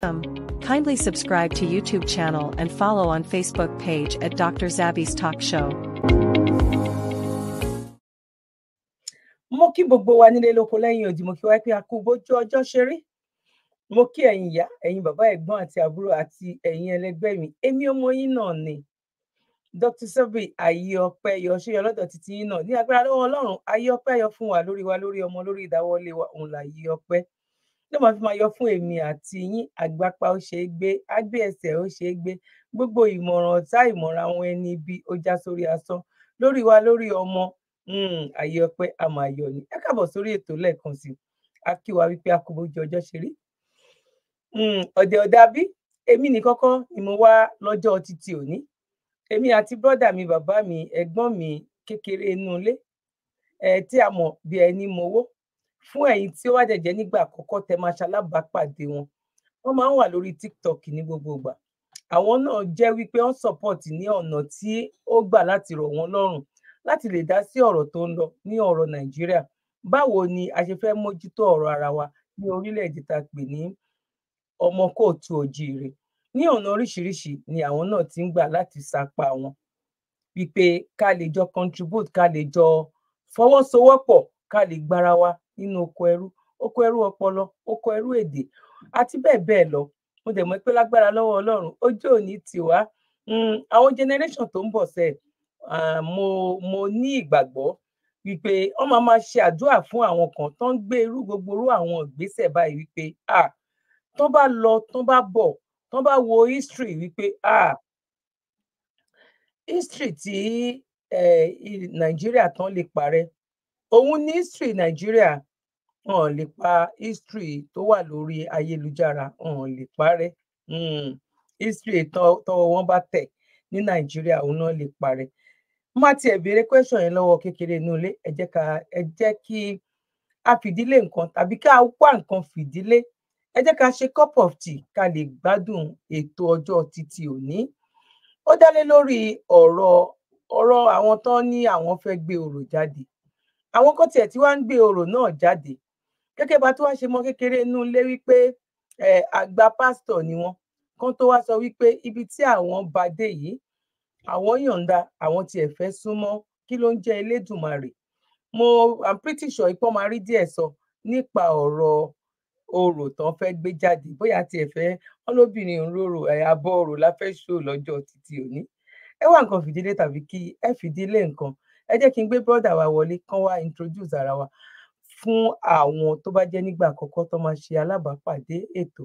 Um, kindly subscribe to YouTube channel and follow on Facebook page at Dr. Zabby's Talk Show. Mo kí gbogbo wa nílé lóko lẹ́yìn òdì mo kí wá pé a kú bójú ọjọ́ ṣe rí. Mo kí ẹ̀yin ìyá, ẹ̀yin bàbá, ẹ̀gbọ́n àti àbúrò àti ẹ̀yin ẹlẹgbẹ́ mi. Èmi ọmọ yín náà ni. Dr. Zabby ayé ọpẹ́ yọ ṣé yọ lọ́dọ̀ títí yín náà. Ní agbára lọ́wọ́ Ọlọ́run, ayé ọpẹ́ yọ fún wa pe a ku boju ojo se mo ki eyin iya eyin baba egbon ati aburo ati eyin elegbe mi emi omo yin naa ni doctor zabby aye ope yo se yo titi yin naa ni agbara lowo olorun aye ope yo fun wa lórí ọmọ lórí ìdáwọ́lé wa òun là yí ọpẹ́. yóò máa fi máa yọ fún èmi àti yín àgbápá ó ṣeé gbé ágbé ẹsẹ̀ ó ṣeé gbé gbogbo ìmọ̀ràn ọ̀tá ìmọ̀ràn àwọn ẹni ibi ó já sórí asán lórí wa lórí ọmọ àyè hmm, ọpẹ àmàyọ ni ẹ káàbọ̀ sórí ètò lẹ́ẹ̀kan sí a kí wa wípé a kò bójú ọjọ́ ṣe rí hmm, ọdẹ ọdà bí èmi ní kọ́kọ́ ni mo wá lọ́jọ́ títí òní èmi àti bọdà mi bàbá mi ẹ̀gbọ́n mi kékeré inú ilé ẹ tí a mọ̀ bí ẹni mowó fún ẹ̀yin tí ó wá jẹ̀jẹ̀ nígbà àkọ́kọ́ tẹ máa ṣalábàápàdé wọn wọ́n máa ń wà lórí tiktok ní gbogbo ìgbà àwọn náà jẹ́ wípé wọ́n support ní ọ̀nà tí ó gbà láti rọ̀ wọ́n lọ́rùn láti lè dá sí ọ̀rọ̀ tó ń lọ ní ọ̀rọ̀ nàìjíríà báwo ni a ṣe fẹ́ mójútó ọ̀rọ̀ ara wa ní orílẹ̀-èdè tá a pè ní ọmọ kóòtù ní ọ̀nà oríṣiríṣi ni àwọn náà ti ń gbà láti sapá wọn wípé ká lè jọ contribute ká lè jọ fọwọ́sowọ́pọ̀ ká lè gbára wa nínú oko ẹrú oko ẹrú ọpọlọ oko ẹrú èdè àti bẹ́ẹ̀ bẹ́ẹ̀ lọ mo dẹ̀ mọ̀ pé lágbára lọ́wọ́ ọlọ́run ojú òní tiwa hmm, àwọn generation tó ń bọ̀ sẹ́ mo mo ní ìgbàgbọ́ wípé wọ́n máa máa ṣe àdúrà fún àwọn kan tó ń gbé irú gbogbo irú àwọn ìgbésẹ̀ báyìí wípé ah tó bá lọ tó bá bọ̀ tó bá wo history wípé ah history tí eh, nàìjíríà tán lè parẹ́ òun ni history nàìjíríà wọn lè pa history tó wà lórí ayélujára wọn lè parẹ́ hmm, history tọ́wọ́ wọn bá tẹ̀ ní nàìjíríà òun náà lè parẹ́ má tiẹ̀ béèrè question yẹn lọ́wọ́ kékeré inú ilé ẹ jẹ́ ká ẹ jẹ́ kí a fìdílé nǹkan tàbí ká wá nǹkan fìdílé ẹ jẹ́ ká ṣe cup of tea ká lè gbádùn ètò ọjọ́ títí òní ó dálé lórí ọ̀rọ̀ ọ̀rọ̀ àwọn tán ní àwọn fẹ́ gbé orò jáde àwọn kan tí wá ń gbé orò náà jáde gẹ́gẹ́ bá tó wá ṣe mọ kékeré inú ilé wípé àgbà pásítọ̀ ni wọ́n kan tó wá sọ wípé ibi tí àwọn bá dé yìí àwọn yọ̀ǹda àwọn tiẹ̀ fẹ́ súnmọ́ kí ló ń jẹ́ elédùnmarè mo i'm pretty sure ipò máa rí díẹ̀ sọ nípa ọ̀rọ̀ orò tán fẹ́ gbé jáde bóyá tiẹ̀ fẹ́ wọn lóbìnrin òǹrorò àbọ̀ orò la fẹ́ ṣó lọ́jọ́ títí òní ẹ wá nǹkan fìdílé tàbí kí ẹ fìdílé nǹkan ẹ jẹ́ kí n gbé brọ́dà wa wọlé kán wá introduce ara wa fún àwọn tó bá jẹ́ nígbà àkọ́kọ́ tó máa ṣe alábàápàdé ètò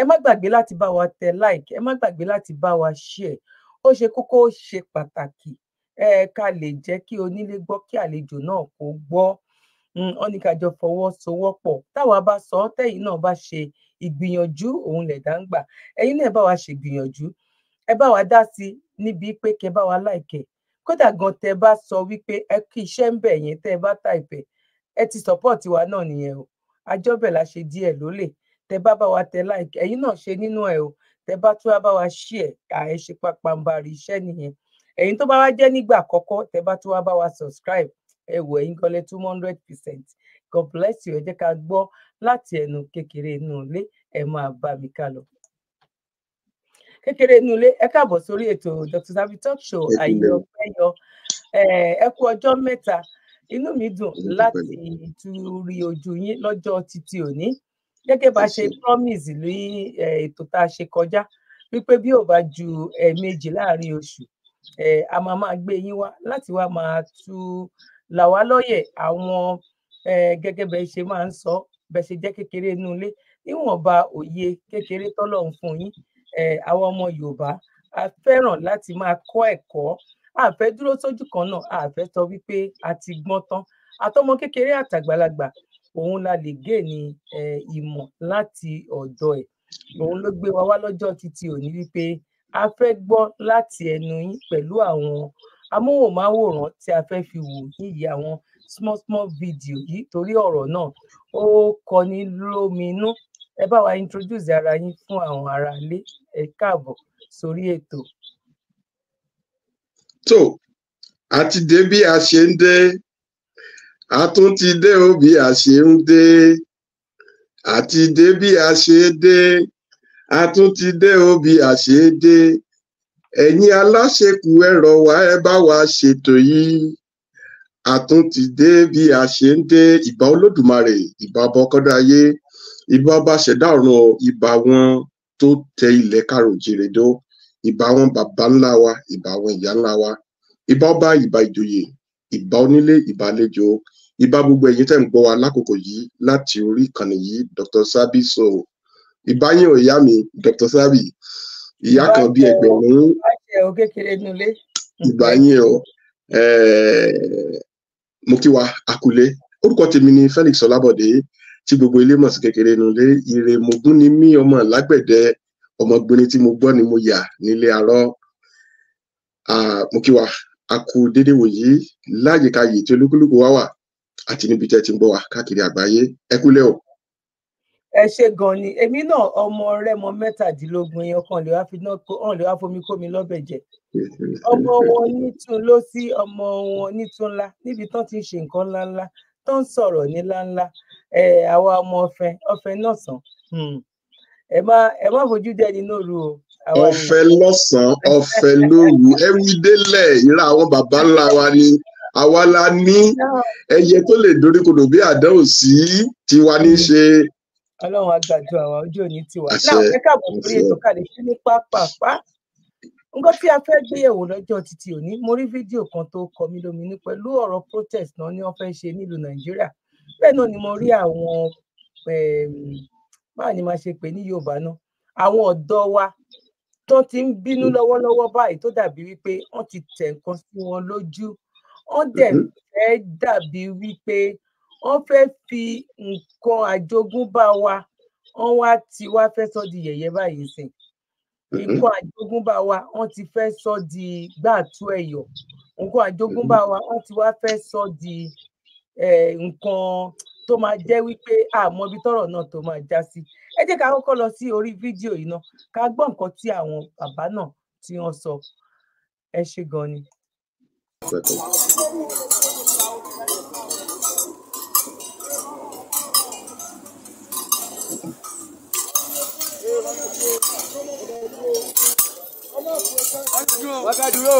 ẹ má gbàgbé láti bá wa tẹ like ẹ má gbàgbé láti bá wa share ó ṣe kókó ó ṣe pàtàkì ẹ ká lè jẹ́ kí onílé gbọ́ kí àlejò náà kó gbọ́ hmm, wọn ní ká jọ fọwọ́sowọ́pọ̀ táwa bá sọ ọ tẹ̀yin náà bá ṣe ìgbìyànjú òun lẹ̀dá ń gbà ẹ̀yin náà bá wa ṣe ìgbìyànjú ẹ bá wa dá sí níbi pé kẹ́ bá wa láìkẹ́ kódà gan tẹ́ bá sọ wípé ẹ kí iṣẹ́ ń bẹ yẹn tẹ́ bá tà ìfẹ́ ẹ ti support wa náà nìyẹn o àjọbẹ̀ la ṣe díẹ̀ lólè tẹ bá bá wa tẹ like ẹ̀yin náà ṣe nínú ẹ̀ o tẹ bá tún wá bá wa share àẹ ṣe pàpàǹbarì iṣẹ́ nìyẹn ẹ̀yin tó bá wá jẹ́ nígbà àkọ́kọ́ tẹ bá tún bá wa subscribe ẹ wò ẹ̀yin gan two hundred percent God bless you ẹ jẹ́ ká gbọ́ láti ẹnu kékeré inú ilé ẹ máa bá mi ká lọ. kékeré inú ilé ẹ káàbọ̀ sórí ètò Dr. Zabby Talk Show àyè ọpẹ́ yọ ẹ kú ọjọ́ mẹ́ta inú mi dùn láti tún rí ojú yín lọ́jọ́ títí òní gẹ́gẹ́ bá ṣe promise lórí ètò tá a ṣe kọjá wípé bí ò bá ju ẹ̀ẹ̀mejì láàrin oṣù a máa máa gbé yín wá láti wá máa tú là wá àwọn gẹ́gẹ́ bẹ́ẹ̀ ṣe máa ń sọ bẹ́ẹ̀ ṣe jẹ́ kékeré inú ilé níwọ̀nba òye kékeré tọ́lọ́run fún yín àwọn ọmọ Yorùbá a fẹ́ràn láti máa kọ́ ẹ̀kọ́ àfẹ́ dúró sójú kan náà àfẹ́ sọ wípé a ti gbọ́n tán àtọmọ kékeré àtàgbàlagbà òun la lè gé ní ìmọ̀ láti ọ̀dọ̀ ẹ̀ òun ló gbé wa wá lọ́jọ́ títí òní wípé a fẹ́ gbọ́ láti ẹnu yín pẹ̀lú àwọn amóhùnmáwòrán tí a fẹ́ fi wò níyì àwọn small small video yìí torí ọ̀rọ̀ náà ó kọni lóminú ẹ bá wa introduce ara yín fún àwọn ará ilé ẹ káàbọ̀ sórí ètò tó àti dé bí a ṣe ń dé a tún ti dé o bí a ṣe ń dé àti dé bí a ṣe dé a tún ti dé o bí a ṣe dé ẹ̀yin aláṣekù ẹ rọ̀ ẹ bá wa ṣètò yìí a tún ti dé bí a ṣe ń dé ìbà olódùmarè ìbà ọba ọkọ́dọ̀ ayé ìbà ọba ṣẹ̀dá wọn tó tẹ ilẹ̀ karòjìrèdó ìbà àwọn bàbá ńlá wa ìbà àwọn ìyá ńlá wa ìbà ọba ìbà ìjòyè ìbà onílé ìbà àlejò ìbà gbogbo ẹ̀yin tẹ́ ń gbọ́ wa lákòókò yìí láti orí ìkànnì yìí Dr. Zabby Show ìbà yín ò ìyá mi Dr. Sabi, ìyá kan bí ẹgbẹ̀rún ìbà yín o mo kí wa akule, orúkọ tèmi ni Felix Ọlábọ̀dé tí gbogbo ilé mọ̀ sí kékeré nulẹ̀ ire mogun ni mí ọmọ lágbẹ̀dẹ ọmọbìnrin tí mo gbọ́ ni mo yà nílé arọ́ mo kí wa a kú déédéé wòyí láyìíká yìí tí olúkúlùkù wá wà àti níbi tẹ́ ti ń bọ̀ wá káàkiri àgbáyé ẹ kúlẹ̀ o. ẹ ṣe gan ni èmi náà ọmọ rẹ́mọ mẹ́tàdínlógún èèyàn kan lè wá fi náà kó hàn lè wá fomi kómi lọ́bẹ̀ jẹ ọmọ wọn nítun ló sí ọmọ wọn nítun ńlá níbi tán ti ṣe nǹkan ńláńlá tán ń ní ńláńlá àwa ọmọ ọ̀fẹ́ ọ̀fẹ́ náà sàn. Hmm ẹ má ẹ má fojú dẹ nínú òru o. ọ̀fẹ́ lọ́sànán ọ̀fẹ́ lóru ẹwídélẹ ìra àwọn baba ńlá wa ni àwa la ní ẹyẹ tó lè doríkodò bí àdánwò sí tiwa ní ṣe. Ọlọ́run agbàdo àwọn ojú òní tiwa láwọn ẹ káàbọ̀ sórí ètò kàlẹ sí ní pápápá nǹkan tí a fẹ́ gbéyẹ̀wò lọ́jọ́ títí òní mo rí fídíò kan tó kọ mí lóminú pẹ̀lú ọ̀rọ̀ protest náà ni wọ́n fẹ́ ṣe nílùú Nàìjíríà bẹ́ẹ̀ náà ni mo rí àwọn ehm, báà ni màá ṣe pè ní yorùbá náà àwọn ọ̀dọ́ wa tó ti ń bínú lọ́wọ́lọ́wọ́ báyìí tó dàbí wípé wọ́n ti tẹ̀ nǹkan sí wọn lójú wọ́n dẹ̀ mm-hmm. fẹ́ dàbí wípé wọ́n fẹ́ fi nǹkan àjogúnbá wa wọ́n wá ti wá fẹ́ sọ di yẹ̀yẹ́ báyìí sìn mm-hmm. nǹkan àjogúnbá wa wọ́n ti fẹ́ sọ di gbàtú ẹ̀yọ̀ nǹkan àjogúnbá wa wọ́n ti wá fẹ́ sọ di nǹkan tó máa jẹ́ wípé àmọ́ ibi tọ́rọ̀ náà tó máa já sí ẹ jẹ́ ká kọ́kọ́ lọ sí orí fídíò yìí náà ká gbọ́ nǹkan tí àwọn bàbá náà tí wọ́n sọ ẹ ṣe gan ni. Wákàdúró.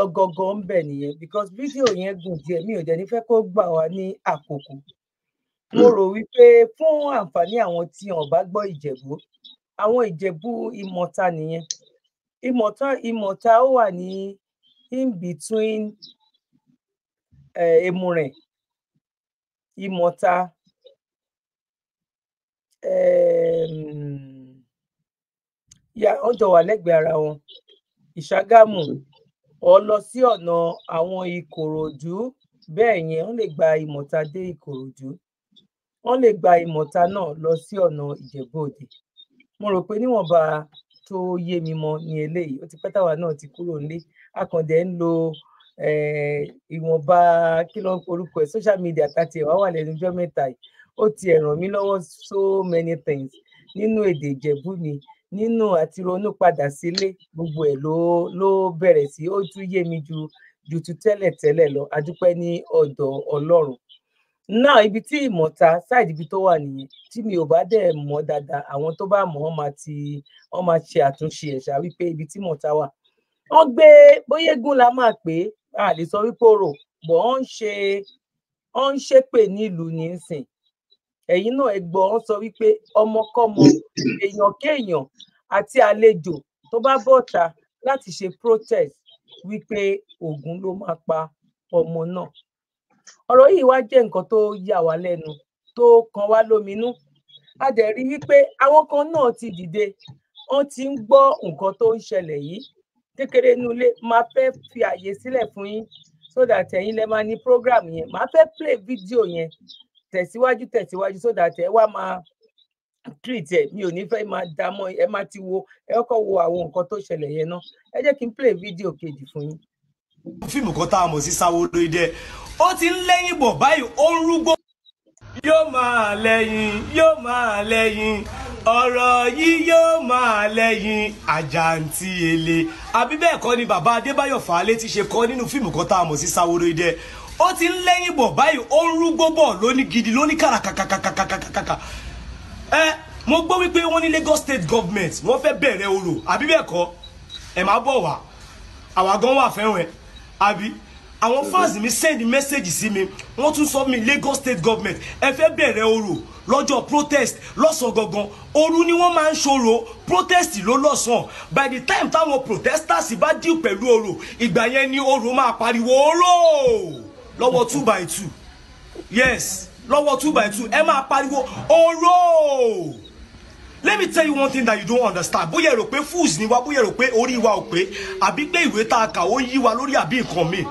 lọ gangan ń bẹ̀ nìyẹn because fídíò yẹn gùn díẹ̀ mi ò dẹ̀ ní fẹ́ kó gbà wá ní àkókò mo rò wípé fún àǹfààní àwọn tí wọn bá gbọ́ ìjẹ̀bú àwọn ìjẹ̀bú ìmọ̀ta nìyẹn ìmọ̀ta ìmọ̀ta ó wà ní in between èmùrẹ̀ ìmọ̀ta ya wọ́n jọ wà lẹ́gbẹ̀ẹ́ ara wọn ìṣàgámù. Mm -hmm ọ lọ sí ọ̀nà àwọn Ìkòròdú bẹ́ẹ̀ yẹn wọ́n lè gba Ìmọ̀ta dé Ìkòròdú wọ́n lè gba Ìmọ̀ta náà lọ sí ọ̀nà ìjẹ̀bú mo rò pé níwọ̀nba tó yé mi mọ ní eléyìí ó ti pẹ́ táwa náà ti kúrò nílé akàndé ń lo ìwọ̀nba kí ló ń porúkọ ẹ̀ social media tàti ẹ̀ wá wà lẹ́nu ọjọ́ mẹ́ta yìí ó ti ràn mí lọ́wọ́ so many things nínú èdè Ìjẹ̀bú mi nínú àti ronú padà sílé gbogbo ẹ̀ ló ló bẹ̀rẹ̀ sí ó tún yé mi ju ju tu tẹ́lẹ̀ tẹ́lẹ̀ lọ adúpẹ́ ní ọ̀dọ̀ Ọlọ́run náà ibi tí ìmọ̀ta ṣáìdì ibi tó wà nìyẹn tí mi ò bá dẹ̀ mọ̀ dáadáa àwọn tó bá mọ̀ ọ́n máa ti wọ́n máa ṣe àtúnṣe ẹ̀ṣà wípé ibi tí ìmọ̀ta wà wọ́n gbé bóyá egun la máa pè é sọ wípé orò bọ̀ wọ́n ń ṣe wọ́n ń ṣépè nílùú nísìn ẹ̀yin náà ẹgbọ́n sọ wípé ọmọkọ́mọ èèyàn kéèyàn àti àlejò tó bá bọ̀ta láti ṣe protest wípé ogun ló máa pa ọmọ náà ọ̀rọ̀ yìí wá jẹ́ nǹkan tó yà wá lẹ́nu tó kan wá lóminú a dẹ̀ rí wípé àwọn kan náà ti dìde wọ́n ti ń gbọ́ nǹkan tó ń ṣẹlẹ̀ yìí kékeré inú ilé máa fẹ́ fi àyè sílẹ̀ fún yín so that ẹ̀yin lè máa ní program yẹn máa fẹ́ play video yẹn tẹ̀síwájú tẹ̀síwájú so that ẹ wá máa treat ẹ mi ò ní fẹ́ ẹ ti wo ẹ wo àwọn nǹkan tó ṣẹlẹ̀ yẹn náà ẹ jẹ́ kí n play video kejì fún yín. fíìmù kan tá a mọ̀ sí ó ti ń lẹ́yìn bọ̀ báyìí ó ń rúgbó. yóò máa lẹ́yìn yóò máa lẹ́yìn ọ̀rọ̀ yìí yóò máa lẹ́yìn àjàǹtí ele àbí bẹ́ẹ̀ kọ́ ni bàbá Adébáyọ̀ ṣe kọ́ nínú fíìmù kan tá a mọ̀ sí ó ti ń lẹ́yìn bọ̀ báyìí ó ń rúgbó bọ̀ lóní gidi lóní kàràkàkàkàkàkàkà ẹ mo gbọ́ wípé wọ́n ní Lagos state government wọ́n fẹ́ bẹ̀rẹ̀ orò àbí bẹ́ẹ̀ kọ́ ẹ̀ máa bọ̀ wá àwa gan wà fẹ́ràn ẹ̀ àbí àwọn fans mi send message sí mi wọ́n tún sọ mi Lagos state government ẹ fẹ́ bẹ̀rẹ̀ orò lọ́jọ́ protest lọ́sàn gangan òru ni wọ́n máa ń ṣòro protest ló lọ́sàn by the time táwọn protesters bá dì pẹ̀lú orò ìgbà yẹn ni orò máa pariwo oró lọ́wọ́ two by two yes lọ́wọ́ two by two ẹ máa pariwo oró let me tell you one thing that you don't understand bóyá èrò pé fools ni wa bóyá èrò pé orí wa ò pé àbí pé ìwé tá a kà ó yí wa lórí àbí nǹkan mi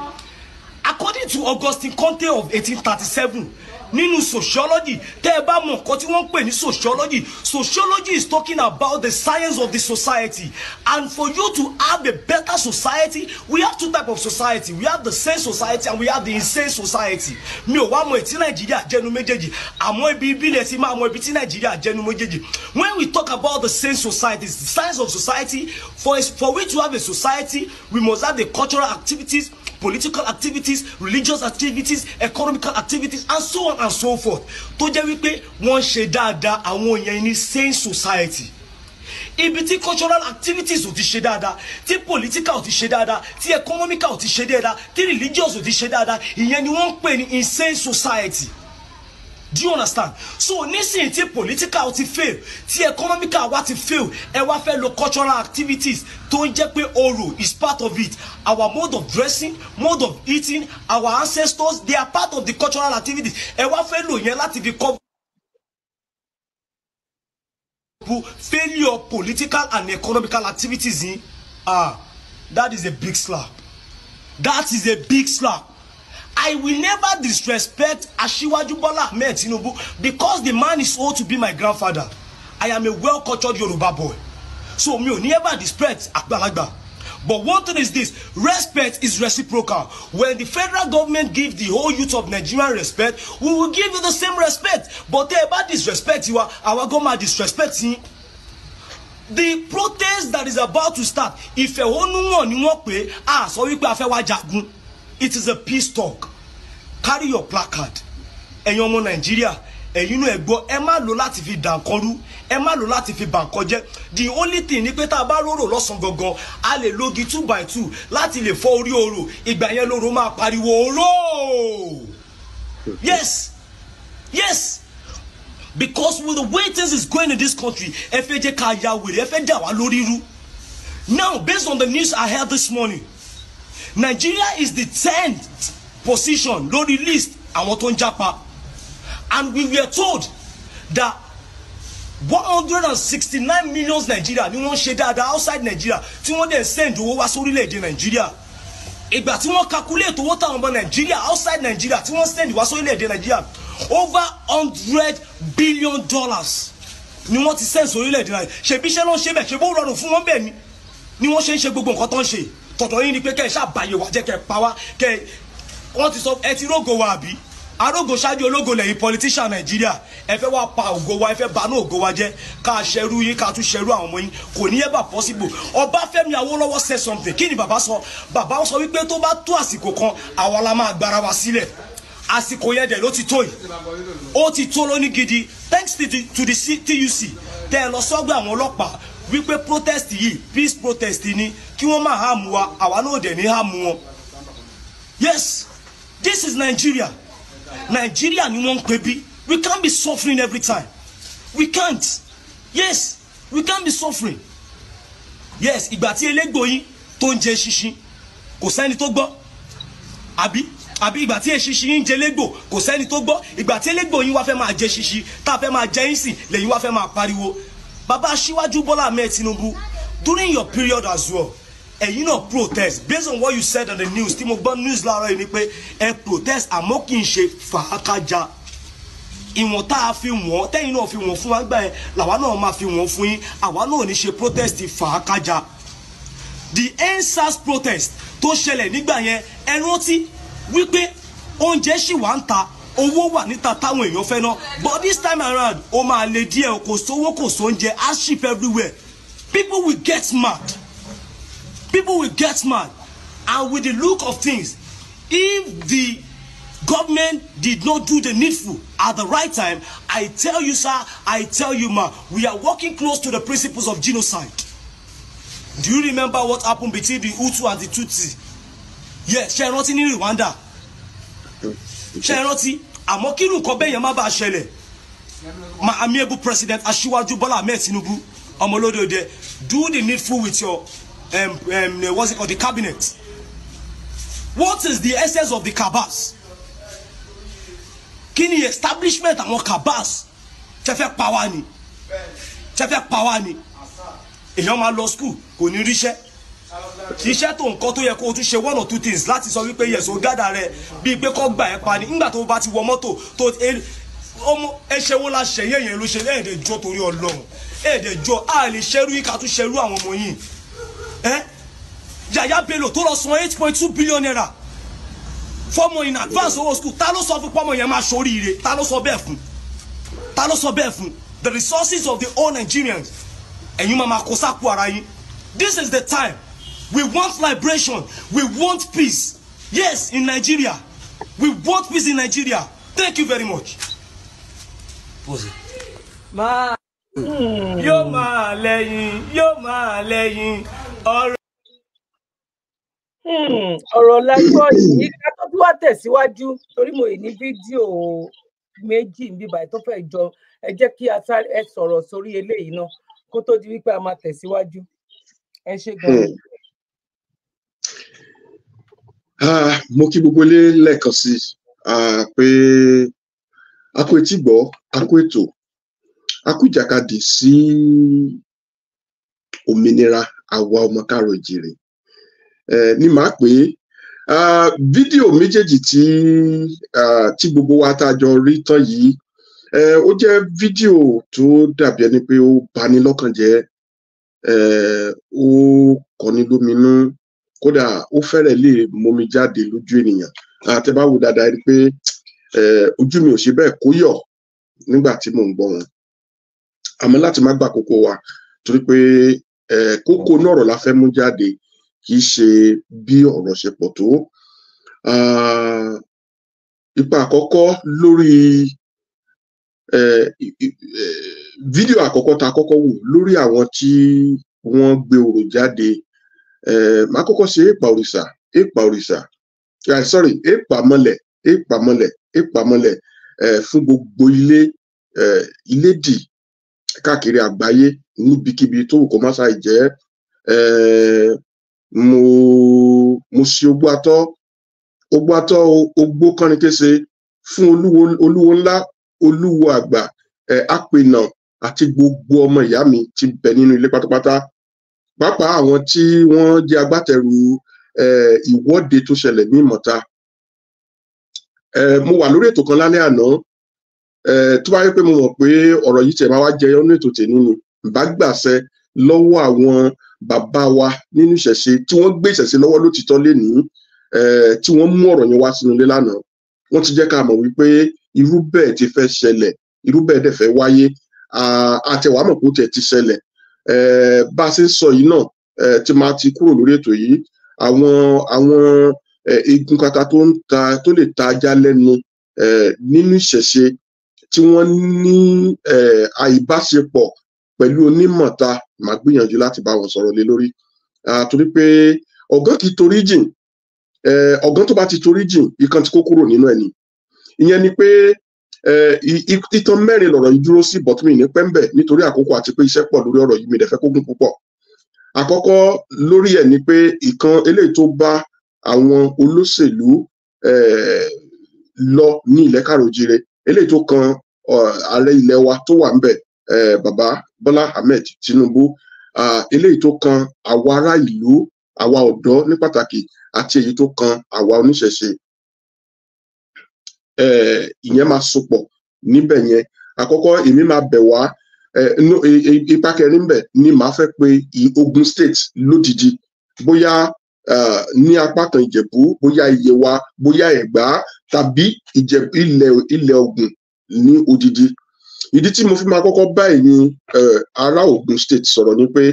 according to Augustine Conte of eighteen thirty seven nínú sociology tẹ́ ẹ bá mọ̀ nǹkan tí wọ́n ń pè ní sociology sociology is talking about the science of the society and for you to have a better society we have two types of society we have the sane society and we have the insane society mi ò wá mọ̀ ètí nàìjíríà jẹnu méjèèjì àmọ́ ibi ìbílẹ̀ ti máa mọ̀ ibi tí nàìjíríà jẹnu méjèèjì when we talk about the sane society the science of society for, for we to have a society we must have the cultural activities political activities religious activities economical activities and so on and so forth tó jẹ́ wípé wọ́n ń ṣe dáadáa àwọn èèyàn ní sane society ibi tí cultural activities ò ti ṣe dáadáa tí political ò ti ṣe dáadáa tí economical ò ti ṣe dáadáa tí religious ò ti ṣe dáadáa ìyẹn ni wọ́n ń pè ní insane society do you understand so nísìnyí tí political ti fail tí economical wa ti fail ẹ wá fẹ́ lo cultural activities tó ń jẹ́ pé oro is part of it our mode of dressing mode of eating our ancestors they are part of the cultural activities ẹ wá fẹ́ lò yẹn láti fi cover failure political and economical activities in ah that is a big slap that is a big slap I will never disrespect Asiwaju Bola Ahmed Tinubu because the man is old to be my grandfather. I am a well-cultured Yoruba boy. So mi ò never disrespect àgbàlagbà. But one thing is this, respect is reciprocal. When the federal government give the whole youth of Nigeria respect, we will give you the same respect. But tẹ́ ẹ disrespect wa, àwa gan máa disrespect yín. The protest that is about to start, ìfẹ̀hónúhàn ni wọ́n pè é, a sọ wípé a fẹ́ wá jagun. It is a peace talk carry your placard ẹ̀yin ọmọ nàìjíríà ẹ̀yin inú ẹ̀ gbọ́ ẹ má lò láti fi dànkọ́rú ẹ má lò láti fi bàǹkọ́ the only thing ni pé tá a bá rorò lọ́sàn gangan a lè logi two by two láti lè fọ́ orí oòrò ìgbà yẹn lóòrò máa pariwo oòrò yes yes because with the way things is going in this country ẹ fẹ́ jẹ́ ká ya wèrè ẹ fẹ́ dà wá lórí irú now based on the news I heard this morning Nigeria is the tenth position lórí list àwọn tó ń jápa and we were told that one hundred and sixty-nine million Nigeria ni wọ́n ṣe dáadáa outside Nigeria tí wọ́n dẹ̀ send owó wá sórílẹ̀-èdè Nigeria ìgbà tí wọ́n calculate owó táwọn ọmọ Nigeria outside Nigeria tí wọ́n send wá sórílẹ̀-èdè Nigeria over hundred billion dollars ni wọ́n ti send sórílẹ̀-èdè Nigeria ṣèbí iṣẹ́ ló ń ṣe bẹ̀ ṣe rọrùn fún wọn bẹ́ẹ̀ ni ni wọ́n ṣe ń ṣe gbogbo nǹkan tó ń ṣe tọ̀dọ̀ yín ni pé kẹ́ ẹ ṣàbàyè wá jẹ́ kẹ́ ẹ pa wá kẹ́ ẹ wọ́n ti sọ ẹ ti rógo wa àbí arógo ṣáájú ológo lẹ́yìn politician nàìjíríà ẹ fẹ́ wá pa ògo wa ẹ fẹ́ banú ògo wa jẹ́ ká ṣẹrú yín ká tún ṣẹrú àwọn ọmọ yín kò ní ever possible ọbáfẹ́mi awólọ́wọ̀ said something kí ni bàbá sọ bàbá sọ wípé tó bá tó àsìkò kan àwa la máa gbára wa sílẹ̀ àsìkò yẹn dẹ̀ ló ti tó yìí ó ti tó lóní gidi thanks to the, to the tuc tẹ́ ẹ lọ sọ́gbà àwọn ọlọ́pàá wípé protest yìí peace protest ni kí wọ́n má hàmù wa àwa náà dẹ̀ ní hàmù wọn yes this is Nigeria Nigeria ni wọ́n ń pè we can't be suffering every time we can't yes we can't be suffering yes ìgbà tí elégbòyìn tó ń jẹ ṣinṣin kò sẹ́ni tó gbọ́ àbí àbí ìgbà tí eṣinṣin ń jẹ légbò kò sẹ́ni tó gbọ́ ìgbà tí elégbòyìn wá fẹ́ máa jẹ ṣinṣin tá a fẹ́ máa jẹ ìsìn lẹ́yìn wá fẹ́ máa pariwo bàbá aṣíwájú Bọ́lá Ahmed Tinubu during your period as well ẹ̀yin náà protest based on what you said on the news tí mo gbọ́ news láàárọ̀ yìí ni pé ẹ protest àmọ́ kì í ṣe fàákàjà ìwọ̀n tá a fi wọ̀n tẹ́yìn náà fi wọ̀n fún wa gbà ẹ làwa náà máa fi wọ̀n fún yín àwa náà ní ṣe protest fàákàjà the endsars protest tó ṣẹlẹ̀ nígbà yẹn ẹ rántí wípé oúnjẹ ṣì wà ń ta owó wà níta táwọn èèyàn fẹ́ ná but this time around ó máa le díẹ̀ kò sówó kò sóúnjẹ hardship everywhere people will get mad people will get mad and with the look of things if the government did not do the needful at the right time i tell you sir i tell you ma we are working close to the principles of genocide do you remember what happened between the hutu and the tutsi yes ṣe é rwanda ṣe é rántí àmọ́ kí irú nǹkan bẹ́ẹ̀ ma amiable president aṣíwájú bọ́lá ahmed tinubu ọmọlódé òde do the needful with your um, um, uh, what's it called, the cabinet. What is the essence of the cabas? Kí establishment àwọn cabas ṣe fẹ́ pa wá ni? Ṣe fẹ́ pa wá ni? Èèyàn máa lọ school kò ní ríṣẹ́. Iṣẹ́ tó nǹkan tó yẹ kó o tún ṣe one or two things láti sọ wípé yẹ̀ so gádà rẹ̀ bíi pé kọ́ gbà ẹ́ pa ni. Nígbà tó o bá ti wọ mọ́tò tó ọmọ ẹṣẹ wo la ṣẹyẹ yẹn ló ṣe ẹ̀ẹ́dẹ̀jọ́ torí Ọlọ́run ẹ̀ẹ́dẹ̀jọ́ a lè ṣerú ìka tún ṣerú àwọn ọmọ yìí ẹ eh? Bello tó lọ san eight point two billion naira fọmọ in advance owó school ta ló sọ fún pọmọ yẹn máa ṣoríire ta ló sọ bẹ́ẹ̀ fún ta ló sọ bẹ́ẹ̀ fún the resources of the old Nigerians ẹ̀yin máa máa kó sápò ara yín this is the time we want liberation we want peace yes in Nigeria we want peace in Nigeria thank you very much. Hmm. yóò máa lẹ́yìn yóò máa lẹ́yìn. Hmm, ọ̀rọ̀ lágbọ́ yìí ká tó bí wá tẹ̀síwájú torí mo ní fídíò méjì ń bíbá tó fẹ́ jọ ẹ jẹ́ kí ẹ sọ̀rọ̀ sórí eléyìí náà kó tó di wípé a máa tẹ̀síwájú ẹ ṣe gan-an. Hmm. Ah, mo kí gbogbo ilé lẹ́ẹ̀kan sí ah, pé a kó etí gbọ́ a kó ètò a kó ìjàkadì sí òmìnira àwa ọmọ káàrọ̀ ìjìrè ní màá pé fídíò méjèèjì tí tí gbogbo wa tá a jọ rí tán yìí ó jẹ́ fídíò tó dàbí ẹni pé ó bani lọ́kàn jẹ́ ó kọni lóminú kódà ó fẹ́rẹ̀ lè momi jáde lójú ènìyàn àtẹ̀bá wo dáadáa ẹni pé ojú mi ò ṣe bẹ́ẹ̀ kó yọ̀ nígbà tí mò ń gbọ́ wọn àmọ́ láti má gbàkókò wa torí pé kókó náà ọ̀rọ̀ la fẹ́ mú jáde kì í ṣe bí ọ̀rọ̀ ṣe pọ̀ tó ipa àkọ́kọ́ lórí fídíò àkọ́kọ́ tá a kọ́kọ́ wò lórí àwọn tí wọ́n gbé orò jáde má kọ́kọ́ ṣe èèpà òrìṣà èèpà òrìṣà sorry èèpà mọ́lẹ̀ èèpà mọ́lẹ̀ èèpà mọ́lẹ̀ fún gbogbo ilé ilédì káàkiri àgbáyé níbikíbi tó wù kó má ṣàì jẹ́ eh, mo mo ṣe ogbó atọ́ ogbó atọ́ ogbó kánrinkése fún olúwo olúwo ńlá olúwo àgbà ẹ eh, apènà àti gbogbo ọmọ ìyá mi ti bẹ nínú ilé pátápátá pàápàá àwọn tí wọ́n jẹ́ agbátẹrù ẹ eh, ìwọ́de tó ṣẹlẹ̀ ní ìmọ̀ta ẹ mo wà lórí ètò kan lálẹ́ àná ẹ tó bá yẹ pé mo mọ̀ pé ọ̀rọ̀ yìí tẹ máa wá jẹyọ ní ètò tèmi ni bá gbàṣẹ lọ́wọ́ àwọn bàbá wa nínú ìṣẹ̀ṣe tí wọ́n gbé ìṣẹ̀ṣe lọ́wọ́ lótìtọ́ lénìí tí wọ́n mú ọ̀rọ̀ yẹn wá sínú ilé lánàá wọ́n ti jẹ́ ká mọ̀ wípé irú bẹ́ẹ̀ ti fẹ́ ṣẹlẹ̀ irú bẹ́ẹ̀ dẹ̀ fẹ́ wáyé àtẹ̀wá mọ̀ kó tiẹ̀ ti ṣẹlẹ̀ bá a ṣe ń sọ yìí náà tí máa ti kúrò lórí ètò yìí àwọn àwọn igun kata tó ń ta tó lè ta ajá lẹ́nu nínú ìṣẹ̀ṣe tí wọ́n ní àìbáṣepọ̀ pẹ̀lú onímọ̀ta màá gbìyànjú láti bá wọn sọ̀rọ̀ lé lórí torí pé ọ̀gán kì í torí jìn ọ̀gán tó bá ti torí jìn ìkan tí kó kúrò nínú ẹni ìyẹn ni pé ìtàn mẹ́rin lọ̀rọ̀ yìí dúró sí bọ̀túmí ní pẹ́ńbẹ̀ nítorí àkókò àti pé iṣẹ́ pọ̀ lórí ọ̀rọ̀ yìí mi dẹ̀ fẹ́ kógun púpọ̀ àkọ́kọ́ lórí ẹ̀ ni pé ìkan eléyìí tó bá àwọn olóṣèlú lọ ní ilẹ̀ kàròjire eléyìí tó kan ààrẹ ilẹ̀ wa tó wà ńbẹ̀ bàbá Bọ́lá Ahmed Tinubu eléyìí tó kan àwa ará ìlú àwa ọ̀dọ́ ní pàtàkì àti èyí tó kan àwa oníṣẹ̀ṣe ìyẹn máa sopọ̀ níbẹ̀ yẹn àkọ́kọ́ èmi máa bẹ̀ wá ipa kẹrin bẹ̀ ni màá fẹ́ pe Ogun State lódìdí bóyá ní apá kan Ìjẹ̀bú bóyá Ìyẹ̀wà bóyá Ẹ̀gbá tàbí ilẹ̀ Ògùn ní odidi ìdí tí mo fi máa kọ́kọ́ bá ẹ̀yin ará Ogun State sọ̀rọ̀ ni pé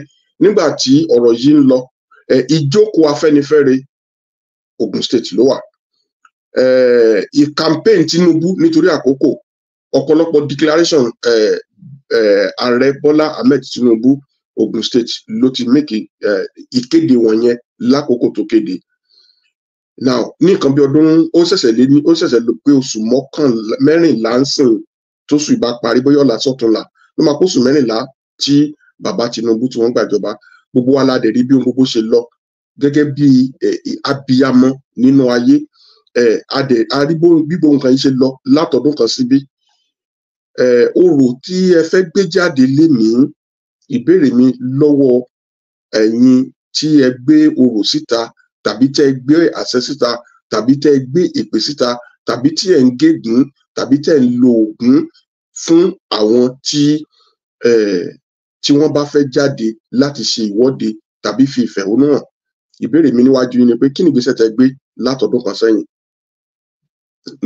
nígbà tí ọ̀rọ̀ yìí ń lọ ìjókòó Afẹ́nifẹ́re Ogun State ló wà campaign Tinubu nítorí àkókò ọ̀pọ̀lọpọ̀ declaration ààrẹ Bọ́lá Ahmed Tinubu Ogun State ló ti make ìkéde wọ̀nyẹn lákòókò tó kéde now ní nǹkan bí ọdún ó ṣẹ̀ṣẹ̀ lé ní ó ṣẹ̀ṣẹ̀ lò pé oṣù mọ́kànlá mẹ́rìnlá ń tóṣù ìbá parí bóyá ọ̀la sọ̀túnla ló máa kóṣù mẹ́rìnlá tí bàbá Tinubu tí wọ́n gbàjọba gbogbo wa la dẹ̀ rí bí ohun gbogbo ṣe lọ gẹ́gẹ́ bí abiyamọ nínú ayé adẹ̀ bíbo nǹkan yìí ṣe lọ látọ̀dún kan síbí ọ̀rọ̀ tí ẹ fẹ́ gbé jáde lénìí ìbéèrè mi lọ́wọ́ ẹ̀yin tí ẹ gbé ọ̀rọ̀ síta tàbí tẹ́ ẹ gbé àṣẹ síta tàbí tẹ́ gbé èpè síta tàbí tí ẹ ń gégùn tàbí tẹ̀ ń lo oògùn fún àwọn tí eh, tí wọ́n bá fẹ́ jáde láti ṣe ìwọ́de tàbí fi ìfẹ̀hónú hàn ìbéèrè mi níwájú yín ni pé kí ni ìgbésẹ̀ tẹ́ gbé látọdún kan sẹ́yìn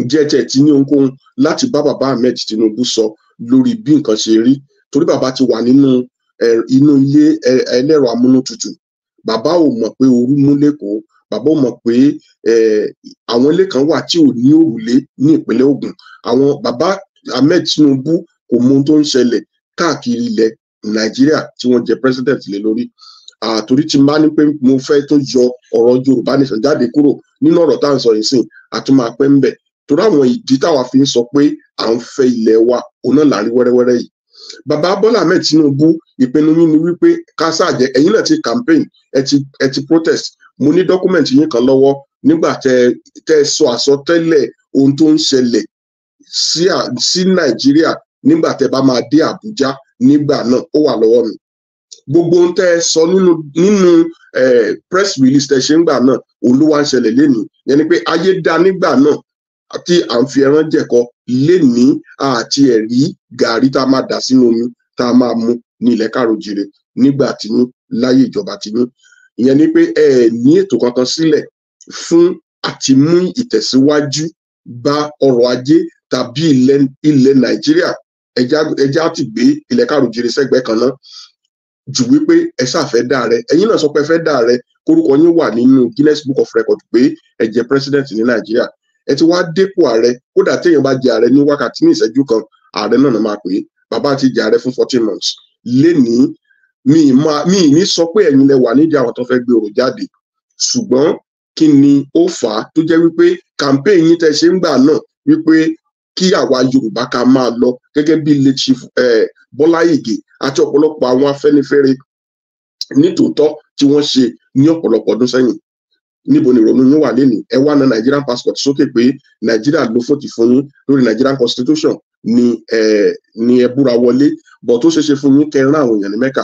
ǹjẹ́ tẹ́ ti ní ohunkóhun láti bá bàbá Ahmed Tinubu sọ lórí bí nǹkan ṣe rí torí bàbá ti wà nínú eh, inú ilé eh, ẹlẹ́rọ amúnútutù bàbá ò mọ̀ pé ooru mú lẹ́kọ̀ọ́ bàbá ò mọ̀ pé àwọn ilé kan wà tí ò ní òrùlé ní ìpínlẹ̀ Ògùn àwọn bàbá Ahmed Tinubu kò mọ ohun tó ń ṣẹlẹ̀ káàkiri ilẹ̀ Nàìjíríà tí wọ́n jẹ president lé lórí àtòrí ti máa ní pé mo fẹ́ tó yọ ọ̀rọ̀ Yorùbá nation jáde kúrò nínú ọ̀rọ̀ tá à ń sọ yìí sìn àtúmọ̀ apẹ́ ń bẹ̀ torí àwọn ìdí táwa fi ń sọ pé à ń fẹ́ ilẹ̀ wa òun náà láàrin wẹ́rẹ́wẹ́rẹ́ yìí bàbá Bọ́lá Ahmed Tinubu ìpinnu yín ni wípé ká sáàjẹ ẹ̀yin náà ti campaign ẹ ti protest mo ní dọ́kúmẹ̀ntì yín kan lọ́wọ́ nígbà tẹ́ ẹ sọ àsọtẹ́lẹ̀ ohun tó ń ṣẹlẹ̀ sí nàìjíríà nígbà tẹ́ bá máa dé àbújá nígbà náà ó wà lọ́wọ́ mi gbogbo ohun tẹ́ sọ nínú press release tẹ́ ṣe ńgbà náà olúwa ń ṣẹlẹ̀ lénìí yẹn ni pé ayé dá nígbà náà àti à ń fi ẹran jẹ̀kọ lénìí àti ẹ̀rí gàrí tá a máa dà sínú omi tá a máa mu ní ilẹ̀ károjìrè nígbà tí yín láyé ìjọba tí yín ìyẹn ni pé ẹ ní ètò kankan sílẹ̀ fún àti mú ìtẹ̀síwájú bá ọrọ̀ ajé tàbí ilẹ̀ nàìjíríà ẹjá ti gbé ilẹ̀ kárùjìrì sẹ́gbẹ́ kan náà jù wípé ẹ ṣàfẹ́ dà rẹ ẹ̀yin náà sọ pé ẹ fẹ́ dà rẹ kórúkọ yín wà nínú Guinness Book of Records pé ẹ jẹ president ní nàìjíríà ẹ ti wá dépò ààrẹ kódà téèyàn bá jẹ ààrẹ ní wákàtí ní ìṣẹ́jú kan ààrẹ náà máa pè é bàbá ti jẹ ààrẹ fún fourteen months lénìí mi ma mi ní sọ pé ẹ̀yin lẹ wà nídìí àwọn tó fẹ́ gbé ọ̀rọ̀ jáde ṣùgbọ́n kí ni ó fà á tó jẹ́ wípé campaign yín tẹ́ ṣe ń gbà náà wípé kí àwa yorùbá ká máa lọ gẹ́gẹ́ bí ilé chief bọ́lá ìgè àti ọ̀pọ̀lọpọ̀ àwọn afẹ́nifẹ́re nítòótọ́ tí wọ́n ṣe ní ọ̀pọ̀lọpọ̀ ọdún sẹ́yìn níbo ni ìrònú yín wà lénìí ẹ wá na nigerian passport sókè pé nàìjíríà ló fò fún yín lórí nigerian constitution ni ẹ ni ẹ búra wọlé bọ̀ tó ṣeé ṣe fún yín kẹrin àwọn èèyàn ní mẹ́kà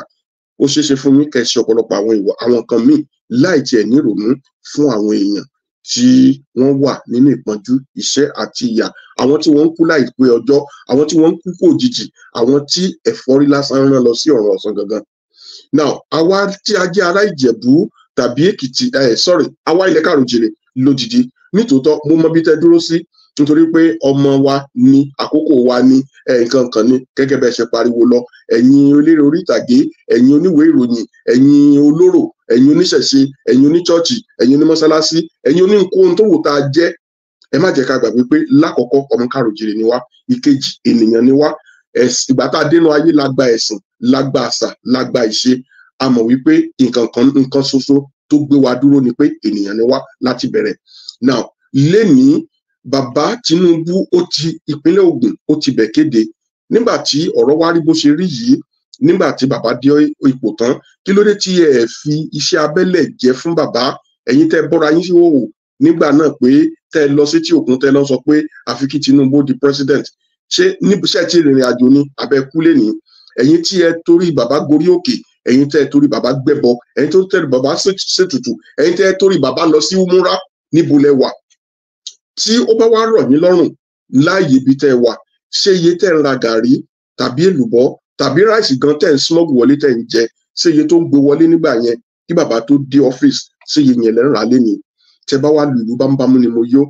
ó ṣeé ṣe fún yín kẹ́ ṣe ọ̀pọ̀lọpọ̀ àwọn ìwà àwọn nǹkan míì láì tiẹ̀ níròónú fún àwọn èèyàn tí wọ́n wà nínú ìpọ́njú ìṣẹ́ àti ìyà àwọn tí wọ́n ń kú láìpé ọjọ́ àwọn tí wọ́n ń kú kò jìjì àwọn tí ẹ̀fọ́rí lásán rán lọ sí ọ̀run ọ̀sán gangan now àwa tí a jẹ́ ará Ìjẹ̀bú tàbí Èkìtì ẹ eh, sorry àwa ilẹ̀ Kárọ̀-Oòjíire lódìdí nítòótọ́ mo mọ bí tẹ́ dúró sí nítorí pé ọmọ wa ni àkókò wa ni nǹkan kan ni gẹ́gẹ́ bẹ́ẹ̀ ṣe pariwo lọ ẹ̀yin eléré orí ìtàgé ẹ̀yin oníwèé ìròyìn ẹ̀yin olóró ẹ̀yin oníṣẹ̀ṣe ẹ̀yin oníṣọ́ọ̀ṣì ẹ̀yin onímọ́sálásí ẹ̀yin onínkó ohun tó wò tá a jẹ́ ẹ má jẹ́ ká gbàgbé pé lákọ̀ọ́kọ́ ọmọ káròjìrì ni wá ìkejì ènìyàn ni wá ìgbà tá a dénú ayé lágbà ẹ̀sìn lágbà àṣà lágbà ìṣe a mọ̀ wípé nǹkan kan nǹkan ṣoṣo tó gbé wa dúró ni pé ènìyàn ni wá láti bẹ̀rẹ̀ now lénìí bàbá Tinubu ó ti ìpínlẹ̀ Ògùn ó ti bẹ̀ kéde nígbà tí ọ̀rọ̀ wá rí bó ṣe rí yìí nígbà tí bàbá dé ipò tán kí ló dé tí ẹ fi iṣẹ́ abẹ́lẹ̀ jẹ́ fún bàbá ẹ̀yin tẹ́ bọ́ra yín síwòwò nígbà náà pé tẹ́ lọ sétí òkun tẹ́ lọ sọ pé àfi kí Tinubu di president ṣé níbiṣẹ tí ìrìnrìn àjò ni abẹkúlé ni ẹ̀yin tí ẹ torí bàbá gorí òkè ẹ̀yin tẹ́ torí bàbá gbẹbọ ẹ̀yin tó tẹ́ bàbá ṣètùtù ẹ̀yin tẹ́ torí bàbá lọ sí umura níbo lẹ wà tí ó bá wá rọ̀ yín lọ́rùn láàyè ibi tẹ́ ẹ wà ṣé iye tẹ́ ń ra gàrí tàbí èlùbọ́ tàbí ráìsì gan tẹ́ ń slug wọlé tẹ́ ń jẹ ṣé iye tó ń gbé wọlé nígbà yẹn kí bàbá tó dé ọ́fíìsì ṣé iye yẹn lẹ́rìn alẹ́ ni tẹ́ bá wá lu ìlú bámúbámú ni mo yó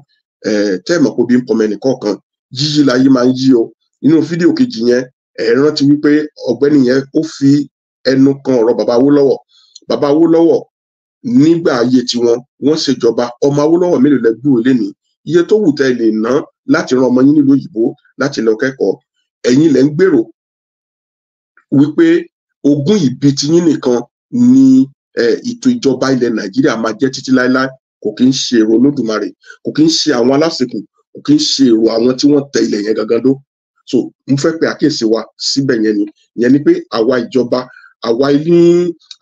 tẹ́ ẹ̀ mọ̀ pé bí ń ẹnì kọ̀ọ̀kan yíyí láyé máa ń yí o nínú fídíò kejì yẹn ẹ̀ rántí wípé ọ̀gbẹ́ni yẹn ó fi ẹnu kan ọ̀rọ̀ bàbá Awólọ́wọ̀ bàbá Awólọ́wọ̀ nígbà ayé tiwọn wọ́n ṣèjọba ọmọ Awólọ́wọ̀ mélòó lẹ́gbẹ̀ẹ́ lẹ́nìí iye tó wù tẹ́ lè ná láti ran ọmọ yín nílùú òyìnbó láti lọ kẹ́kọ̀ọ́ ẹ̀yin lẹ ń gbèrò wípé ogún ìbí tiyín nìkan ni ètò ìjọba ilẹ̀ nàìjíríà máa jẹ́ títí láéláé kò kí ń ṣe èrò olódùmarè kò kí ń ṣe àwọn alásìkò kò kí ń ṣe èrò àwọn tí wọ́n tẹ ilẹ̀ yẹn gangan dó so mo fẹ́ pe àkíyèsí wa síbẹ̀ yẹn ni yẹn ni pé àwa ìjọba àwa ilé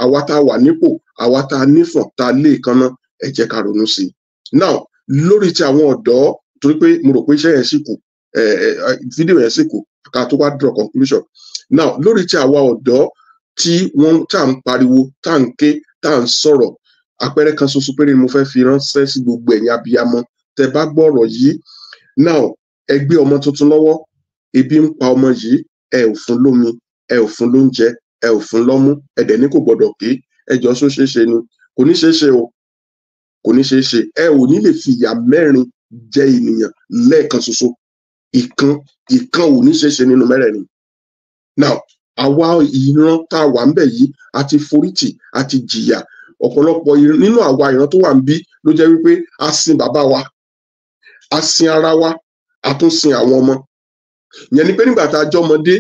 àwa tá a wà nípò àwa tá a nífọ̀n tá a lé ìkànnà ẹ ká ronú sí i now lórí ti àwọn ọ̀dọ́ torí pé mo rò pé iṣẹ́ yẹn sì kù fídíò yẹn sì kù ká tó wá draw conclusion now lórí ti àwa ọ̀dọ́ tí wọ́n tá à ń pariwo tá à ń ké tá à ń sọ̀rọ̀ àpẹẹrẹ kan ṣoṣo péré ni mo fẹ́ fi ránṣẹ́ sí gbogbo ẹ̀yin abiyamọ tẹ́ bá gbọ́ ọ̀rọ̀ yìí now ẹ gbé ọmọ tuntun lọ́wọ́ ebi ń pa ọmọ yìí ẹ ò fún lómi ẹ ò fún lóúnjẹ ẹ ò fún lọ́mú ẹ̀dẹ̀ ní kò gbọ́dọ̀ ké ẹjọ́ só ṣeé ṣe ni kò ní ṣeé o kò ní ṣeé ṣe ẹ ò ní lè fi ìyà mẹ́rin jẹ ènìyàn lẹ́ẹ̀kan ṣoṣo ìkan ìkan ò ní ṣeé ṣe nínú mẹ́rẹ̀ẹ̀rin now àwa ìran tá a wà ń bẹ̀ yìí a ti forítì a ti jìyà ọ̀pọ̀lọpọ̀ nínú àwa ìran tó wà ń bí ló jẹ́ wípé a sin bàbá wa a sin ara wa a tún sin àwọn ọmọ yẹn ni pé nígbà tá a jẹ́ ọmọdé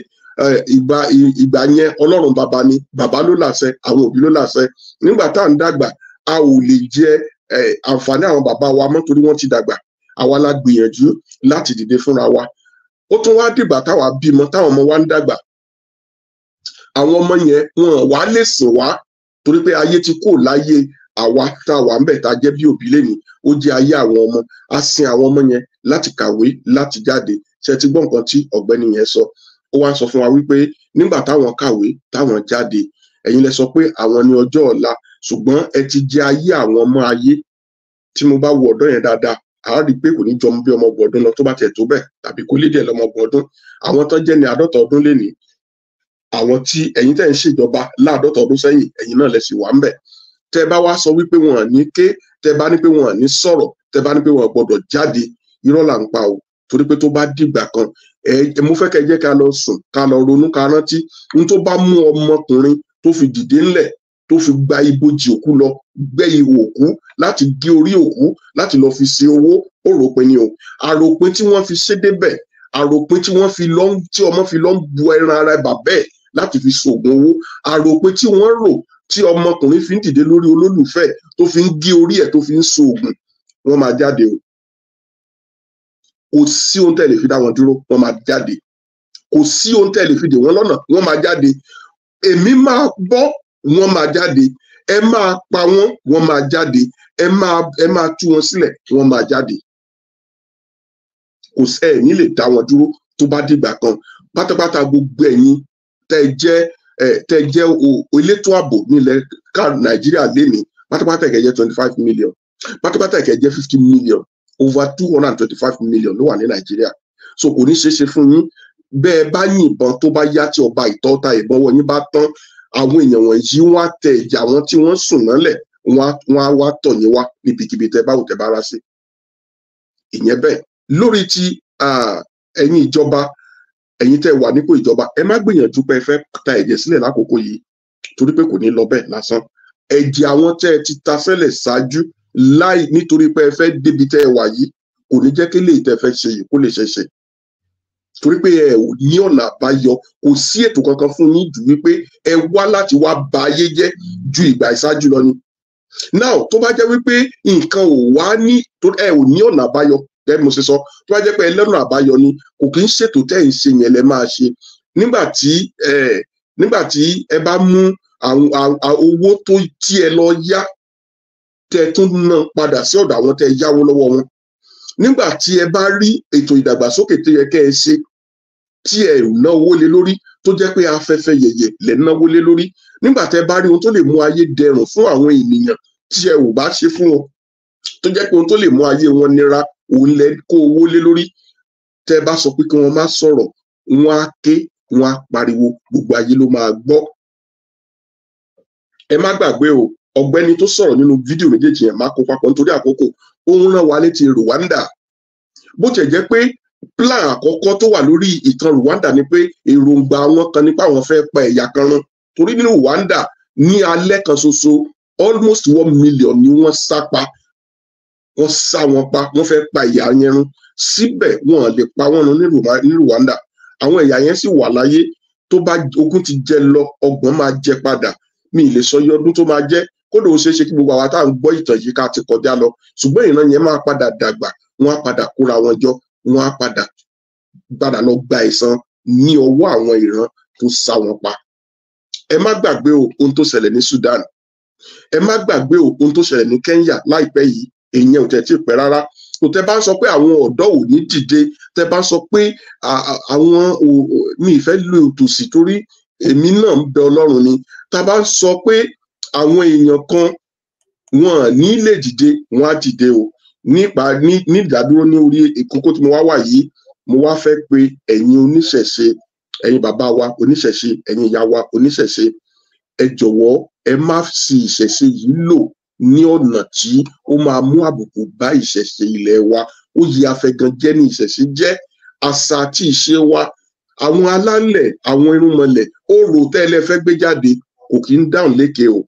ìgbà ìgbà yẹn ọlọ́run bàbá ni bàbá ló làṣẹ àwọn òbí ló làṣẹ nígbà tá à ń dàgbà a ò lè jẹ àǹfààní àwọn bàbá wa mọ́ torí wọ́n ti dàgbà àwa la gbìyànjú láti dìde fúnra wa ó tún wá dìgbà táwa bímọ táwọn ọmọ wa ń dàgbà àwọn ọmọ yẹn wọn wá lè sìn wá torí pé ayé ti kò láyé àwa táwa ń bẹ̀ tá a jẹ́ bí òbí lẹ́nu ó jẹ́ ayé àwọn ọmọ a sin àwọn ọmọ yẹn láti kàwé láti jáde ṣe ti gbọ́ nǹkan tí ọ̀gbẹ́ni yẹn sọ ó wá sọ fún wa wípé nígbà táwọn kàwé táwọn jáde ẹ̀yin lẹ sọ pé àwọn ní ọjọ́ ọ̀la ṣùgbọ́n ẹ ti jẹ ayé àwọn ọmọ ayé tí mo bá wo ọ̀dọ́ yẹn dáadáa àá rí i pé kò ní jọmọ bí ọmọ ọgbọ̀n ọdún lọ tó bá tiẹ̀ tó bẹ́ẹ̀ tàbí kó lé díẹ̀ lọ́mọ ọgbọ̀n ọdún àwọn tán jẹ́ ní àádọ́ta ọdún lénìí àwọn tí ẹ̀yin tẹ́ ń ṣèjọba láàádọ́ta ọdún sẹ́yìn ẹ̀yin náà lẹ sì wà ń bẹ̀ tẹ́ bá wá sọ wípé wọn ní ké tẹ́ bá ní pé wọn ní sọ̀rọ̀ tẹ́ bá ní pé wọn gbọ́dọ̀ jáde irọ́ là ń pa o torí pé tó bá dìgbà kan ẹ mo fẹ́ kẹ́ jẹ́ ká lọ sùn ká lọ ronú ká rántí n tó bá mú ọmọkùnrin tó fi dìde ńlẹ̀ tó fi gba ibojì òkú lọ gbẹ́ ihò òkú láti gé orí òkú láti lọ fi ṣe owó òròpin ni o àròpin tí wọ́n fi ṣe débẹ̀ àròpin tí wọ́n fi lọ tí ọmọ fi lọ bu ẹran ara bàbá ẹ̀ láti fi ṣoògùn owó àròpin tí wọ́n rò tí ọmọkùnrin fi ń dìde lórí olólùfẹ́ tó fi ń gé orí ẹ̀ tó fi ń ṣoògùn wọ́n máa jáde o kò sí ohun tẹ́ lè fi dá wọn dúró wọ́n máa jáde kò sí ohun tẹ́ lè fi dè wọ́n lọ́nà wọ́n máa jáde èmi máa gbọ́ wọ́n máa jáde ẹ máa pa wọ́n wọ́n máa jáde ẹ máa ẹ máa tú wọn sílẹ̀ wọ́n máa jáde kò sẹ́ ẹ̀ nílè dá wọn dúró tó bá dìgbà kan pátápátá gbogbo ẹ̀yin tẹ́ jẹ́ tẹ́ jẹ́ elétò ààbò nílẹ̀ nàìjíríà lénìí pátápátá ìkẹjẹ twenty five million pátápátá ìkẹjẹ fifty million over two hundred and twenty five million ló wà ní nàìjíríà so kò ní ṣeéṣe fún yín bẹ́ ẹ bá yìnbọn tó bá yá tí ọba ìtọ́ta ìbọn wọ yín bá tán àwọn èèyàn wọ̀nyí wọ́n á tẹ ìjà àwọn tí wọ́n sùn lọ́lẹ̀ wọ́n á wá tọ̀ yín wá níbikíbi tẹ báwo tẹ bá ra sí ìyẹn bẹ́ẹ̀ lórí ti ẹ̀yin ìjọba ẹ̀yin tẹ wà nípò ìjọba ẹ má gbìyànjú pé ẹ fẹ́ ta ẹ̀jẹ̀ sílẹ̀ lákòókò yìí torí pé kò ní lọ bẹ́ẹ̀ lásán ẹ̀jẹ̀ àwọn tẹ ẹ ti ta sẹ́lẹ̀ ṣáájú láì nítorí pé ẹ fẹ́ débi tẹ ẹ wà yìí kò ní jẹ́ kí lè tẹ fẹ́ ṣe yìí kó lè ṣe torí pé ẹ ò ní ọ̀nà àbáyọ kò sí ètò kankan fún yín jù wípé ẹ wá láti wá ba ayé jẹ́ ju ìgbà ìṣáájú lọ ni now tó bá jẹ́ wípé nǹkan ò wá ní ẹ ò ní ọ̀nà àbáyọ gẹ́gẹ́ bí mo ṣe sọ tó bá jẹ́ pé ẹlẹ́nu àbáyọ ni kò kí ń ṣètò tẹ́ ń ṣe yẹn lẹ máa ṣe nígbà tí ẹ bá mú owó tó tí ẹ lọ yá tẹ tún ná padà sí ọ̀dọ̀ àwọn tẹ yáwó lọ́wọ́ wọn nígbà tí ẹ bá rí ètò ìdàgbàsókè tó yẹ kẹ́ ẹ ṣe tí ẹ náwó lé lórí tó jẹ́ pé afẹ́fẹ́ yẹ̀yẹ̀ lẹ̀ náwó lé lórí nígbà tẹ́ bá rí ohun tó lè mú ayé dẹrùn fún àwọn ènìyàn tí ẹ ò bá ṣe fún wọn tó jẹ́ pé ohun tó lè mú ayé wọn nira òun lẹ kó owó lé lórí tẹ́ bá sọ pé kí wọ́n má sọ̀rọ̀ wọ́n á ké wọ́n á pariwo gbogbo ayé ló máa gbọ́ ẹ má gbàgbé o ọ̀gbẹ́ni tó sọ̀rọ̀ nínú fídíò méjèèjì yẹn má kó papọ̀ nítorí àkókò ó ń rán wa létí Rwanda bó tiẹ̀ jẹ́ pé plan àkọ́kọ́ tó wà lórí ìtàn Rwanda ni pé èròǹgbà wọn kan nípa àwọn fẹ́ pa ẹ̀yà kan run torí nínú Rwanda ní alẹ́ kan ṣoṣo almost one million ni wọ́n sá pa wọ́n sá wọn pa wọ́n fẹ́ pa ẹ̀yà yẹn run síbẹ̀ wọ́n lè pa wọ́n run ní Rwanda àwọn ẹ̀yà yẹn sì wà láyé tó bá ogún ti jẹ lọ ọgbọ̀n máa jẹ padà mi ì lè sọ iye ọdún tó máa jẹ́ kódà ó ṣeé ṣe kí gbogbo àwa tá à ń gbọ́ ìtàn yìí ká ti kọjá lọ ṣùgbọ́n ìran yẹn máa padà dàgbà wọ́n á padà kóra wọn jọ wọ́n á padà padà lọ gba ẹ̀san ní ọwọ́ àwọn ìran tó sá wọn pa ẹ má gbàgbé ohun tó ṣẹlẹ̀ ní Sudan ẹ má gbàgbé ohun tó ṣẹlẹ̀ ní Kenya láìpẹ́ yìí èèyàn ò tẹ̀ tí ì pẹ́ rárá tó tẹ bá sọ pé àwọn ọ̀dọ́ ò ní dìde tẹ bá sọ pé àwọn mi ìfẹ́ lu òtòṣì torí èmi náà ń bẹ Ọlọ́run ni tá a bá ń sọ pé àwọn èèyàn kan wọn ní lè dìde wọn á dìde o nípa ní ìdádúró ní orí ìkókó tí mo wá wà yìí mo wá fẹ́ pe ẹ̀yin oníṣẹ̀ṣe ẹ̀yin bàbá wa oníṣẹ̀ṣe ẹ̀yin ìyá wa oníṣẹ̀ṣe ẹ jọ̀wọ́ ẹ má sì ìṣẹ̀ṣe yìí lò ní ọ̀nà tí ó máa mú àbùkù bá ìṣẹ̀ṣe ilẹ̀ wa ó yí afẹ́gànjẹ́ ní ìṣẹ̀ṣe jẹ́ àṣà àti ìṣe wa àwọn alálẹ̀ àwọn irúnmọlẹ̀ ó rò tẹ́lẹ̀ gbé jáde kò kí ń dáhùn lékè o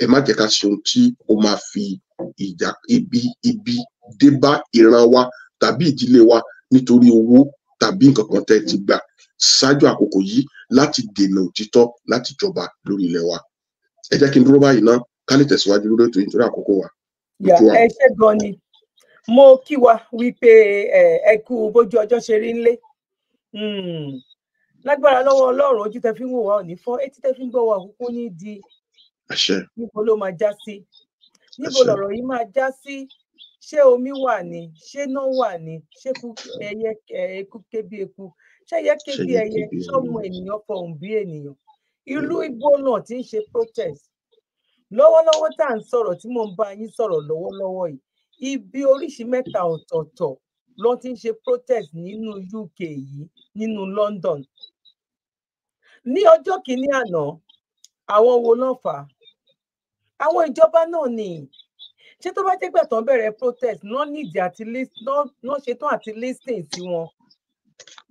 ẹ má jẹ́ ká ṣe ohun tí ó máa fi ìjà ibi ibi dé bá ìran wa tàbí ìdílé wa nítorí owó tàbí nǹkan kan tẹ́ ti gbà ṣáájú àkókò yìí láti dènà òtítọ́ láti jọba lórí ilẹ̀ wa ẹ jẹ́ kí n dúró báyìí ná ká lè tẹ̀síwájú lórí ètò nítorí àkókò wa. ẹ ṣé gan ni mo kí wa wípé ẹ kú bójú ọjọ́ ṣe rí ńlé hmm. lágbára lọ́wọ́ Ọlọ́run ojú tẹ fi ń wò wá ò fọ́ etí tẹ fi ń gbọ́ wá òkú ní di níbo ló máa já sí níbo lọ̀rọ̀ yìí máa já sí ṣé omi wà ní ṣé iná wà ní ṣé ẹyẹ eku kébi eku ṣé ẹyẹ kébi ẹyẹ sọmọ ènìyàn fọhùn bí ènìyàn ìlú igbó náà ti ń ṣe protest lọ́wọ́lọ́wọ́ tá à ń sọ̀rọ̀ tí mò ń bá yín sọ̀rọ̀ lọ́wọ́lọ́wọ́ yìí ibi oríṣi mẹ́ta ọ̀tọ̀ọ̀tọ̀ ló ti ń ṣe protest nínú UK yìí nínú London ní ọjọ́ kìíní àná àwọn wo ló fà á àwọn ìjọba náà ni ṣé tó bá jẹ́ gbà tán bẹ̀rẹ̀ protest náà nídìí àti náà ṣetán àti listing sí wọn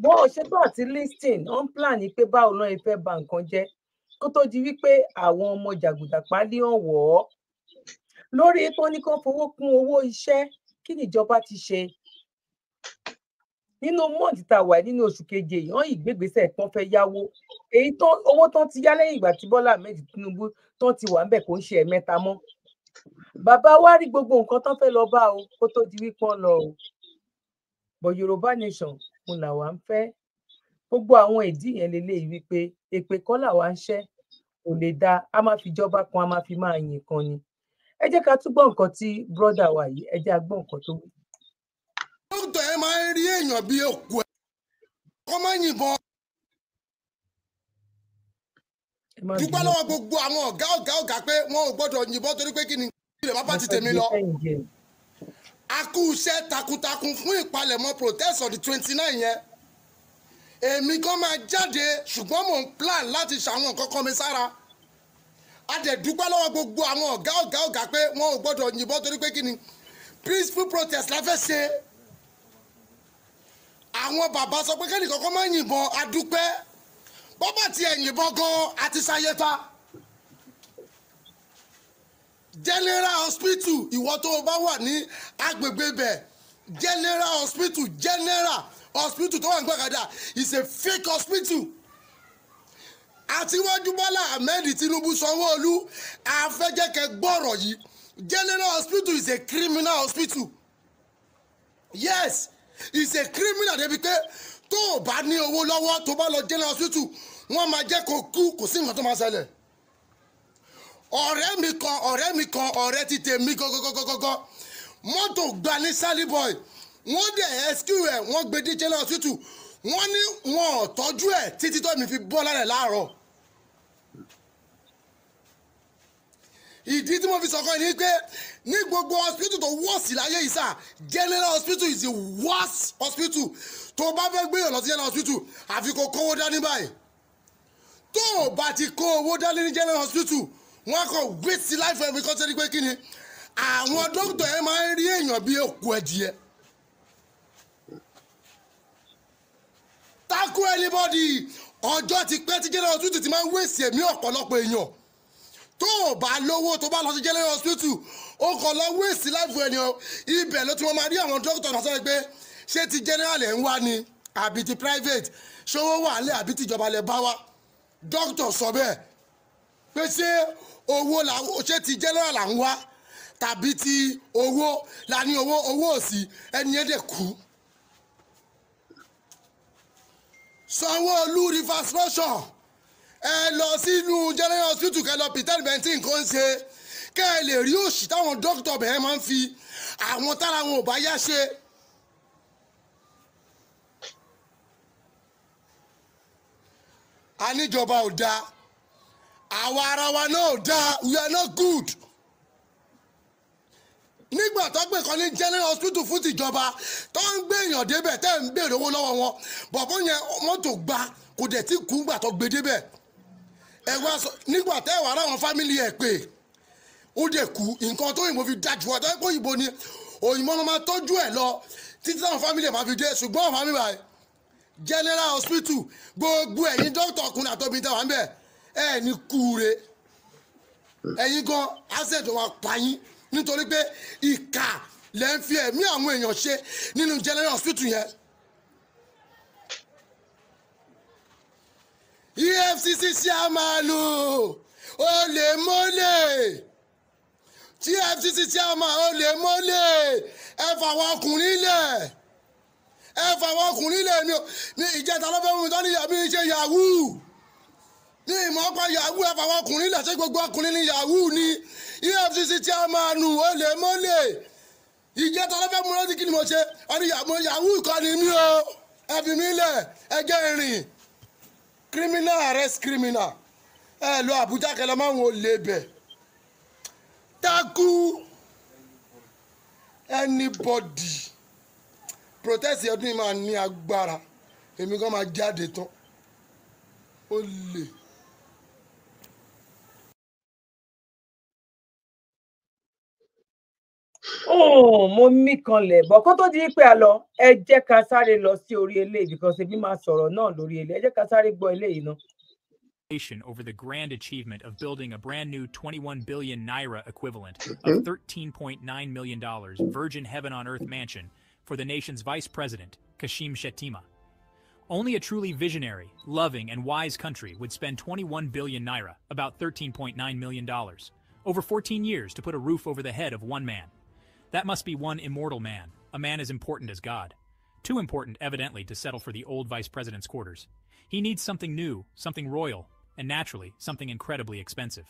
wọn ò ṣetán àti listing on plan ni pé báwo náà ìfẹ́ bà nǹkan jẹ́ kó tó di wípé àwọn ọmọ jàgùdà pálí ọ̀wọ́ lórí ipò ní kó fowó kún owó iṣẹ́ kí nìjọba ti ṣe nínú mọ́ọ̀dì tá a wà nínú oṣù keje yìí wọ́n ìgbégbèsè tán fẹ́ yáwó èyí tán owó tán ti yá lẹ́yìn ìgbà tí Bọ́lá Ahmed Tinubu tán ti wà ń bẹ̀ kó ń ṣe ẹ̀mẹ́ta mọ́ bàbá wa rí gbogbo nǹkan tán fẹ́ lọ bá o kó tó di wípọ́n lọ o but Yorùbá nation ń làwa ń fẹ́ gbogbo àwọn ìdí yẹn lélẹ́yìí wípé èpè kọ́ làwa ń ṣẹ́ kò lè da a máa fi jọba kan a máa fi máa yìn kan ni ẹ jẹ́ ká túbọ̀ nǹkan tí brọ́dà wa yìí ẹ jẹ́ èèyàn bíi òkú ẹ kọ́ mọ́ yìnbọn. dúpẹ́ lọ́wọ́ gbogbo àwọn ọ̀gá ọ̀gá ọ̀gá pé wọn ò gbọ́dọ̀ yìnbọn torí pé kí ni ilẹ̀ bá bá ti tèmi lọ. a kú iṣẹ́ takuntakun fún ìpalẹ̀mọ́ protest on the twenty nine yẹn èmi kan máa jáde ṣùgbọ́n mò ń plan láti ṣàwọn nǹkan kan mi sára a dẹ̀ dúpẹ́ lọ́wọ́ gbogbo àwọn ọ̀gá ọ̀gá ọ̀gá pé wọn ò gbọ́dọ̀ yìnbọn torí pé kí ni peaceful protest la fẹ́ ṣe àwọn bàbá sọ pé kẹ́nìkan kọ́ máa yìnbọn adúpẹ́ bọ́bá tiẹ̀ yìnbọn gan àti sayeta general hospital ìwọ tó o bá wà ní agbègbè bẹ̀ general hospital general hospital tó wà ní gbàgàdà is a fake hospital àtiwájú bọ́lá ahmed tinubu sanwó-olu àfẹ́jẹ́kẹ́ gbọ́rọ̀ yìí general hospital is a criminal hospital yes is a criminal débi pé tó o bá ní owó lọ́wọ́ tó bá lọ general hospital wọ́n máa jẹ́ kó kú kò sí nǹkan tó máa ṣẹlẹ̀ ọ̀rẹ́ mi kan ọ̀rẹ́ mi kan ọ̀rẹ́ ti tè mí gọ́gọ́gọ́gọ́gọ́ mọ́tò gba ní Sálíbọ̀ì wọ́n dẹ̀ ẹ́síkìú ẹ̀ wọ́n gbé dé general hospital wọ́n ní wọn ò tọ́jú ẹ̀ títí tó mi fi bọ́ lára ẹ̀ láàárọ̀ ìdí tí mo fi sọ̀kan ni pé ní gbogbo hospital tó wọ́ọ̀sì láyé yìí sà general hospital is the worst hospital tó bá fẹ́ gbéyàn lọ sí general hospital àfi kó kówó dání báyìí tó o bá ti kó owó dání ní general hospital wọn kò wait sí life ẹ̀mí kan sẹ́ni pé kí ni àwọn dókítà ẹ̀ máa ń rí èèyàn bí òkú ẹ̀dìyẹ. tackle anybody ọjọ́ ti pẹ́ tí general hospital ti máa ń wéèsì ẹ̀mí ọ̀pọ̀lọpọ̀ èèyàn tó o bá lówó tó bá lọ sí general hospital ó kàn lọ wéèsì láìfò ẹni o ibẹ̀ ló ti wọ́n máa rí àwọn dókítà náà sọ pé ṣé ti general ẹ̀ ń wá ni àbí ti private ṣówó wà lẹ̀ àbí tìjọba lẹ̀ bá wá dókítà sọ bẹ́ẹ̀ pé ṣé owó la ṣé ti general là ń wá tàbí ti owó la ní owó owó òsì ẹni ẹ̀ dẹ̀ kú. Sanwó-Olú rivers nation ẹ lọ sínú general hospital kẹ lọ pretend nineteen kò ń ṣe kẹ ẹ lè rí òṣì táwọn dókítà bẹ̀rẹ̀ máa ń fi àwọn tára wọn ò bá yá ṣe. àníjọba ò dáa àwa ara wa náà ò dáa we are not good. nígbà tó gbé kan ní general hospital fún tìjọba tó ń gbé èèyàn débẹ̀ tẹ́ ń béèrè owó lọ́wọ́ wọn bọ̀bọ́ yẹn mọ́tò gba kò dẹ̀ tí kú gbà tó gbé débẹ̀ ẹ wá sọ nígbà tẹ́ ẹ wà ráwọn fámìlì ẹ̀ pé ó dẹ̀ kú nǹkan tó òyìnbó fi dájú ọjọ́ pé òyìnbó ni òyìnbó ló máa tọ́jú ẹ̀ lọ títí táwọn fámìlì ẹ̀ máa fi dé ṣùgbọ́n àwọn fámìlì ẹ̀ general hospital gbogbo ẹ̀yin dókítà ọkùnrin àtọ́bìnrin tẹ̀ wá ń bẹ̀ ẹ̀ ní kúure ẹ̀yin gan asset wa pa yín nítorí pé ìkà lẹ́ ń fi ẹ̀mí àwọn èèyàn ṣe nínú general hospital yẹn EFCC ṣàmàlù olè mọ́lẹ̀ tí EFCC ṣàmàlù olè mọ́lẹ̀ ẹ fàwọn ọkùnrin lẹ̀ ẹ fàwọn ọkùnrin lẹ̀ ní ìjẹta lọ́fẹ́ omi tó ní yàrá mi ṣe yahoo ní ìmọ̀ ọ̀pá yahoo ẹ fàwọn ọkùnrin lẹ̀ ṣé gbogbo ọkùnrin ní yahoo ni EFCC ṣàmàlù olè mọ́lẹ̀ ìjẹta lọ́fẹ́ omi tó ní kí ni mo ṣe ọdún yahoo kọ́ ni mí o ẹ fi mí lẹ̀ ẹ jẹ́ ìrìn criminal arrest criminal ẹ lọ Àbújá kẹlẹ máa ń olè bẹ̀ takú anybody protest ọdún yìí máa ní agbára èmi gan máa jáde tán olè. Oh, mo mí kanlẹ̀ bọ̀ kó tó di pé a lọ ẹ because Over the grand achievement of building a brand new 21 billion naira equivalent of $13.9 million Virgin Heaven on Earth mansion for the nation's vice president, Kashim Shettima. Only a truly visionary, loving, and wise country would spend 21 billion naira, about $13.9 million, over 14 years to put a roof over the head of one man. That must be one immortal man, a man as important as God. Too important, evidently, to settle for the old vice president's quarters. He needs something new, something royal, and naturally, something incredibly expensive.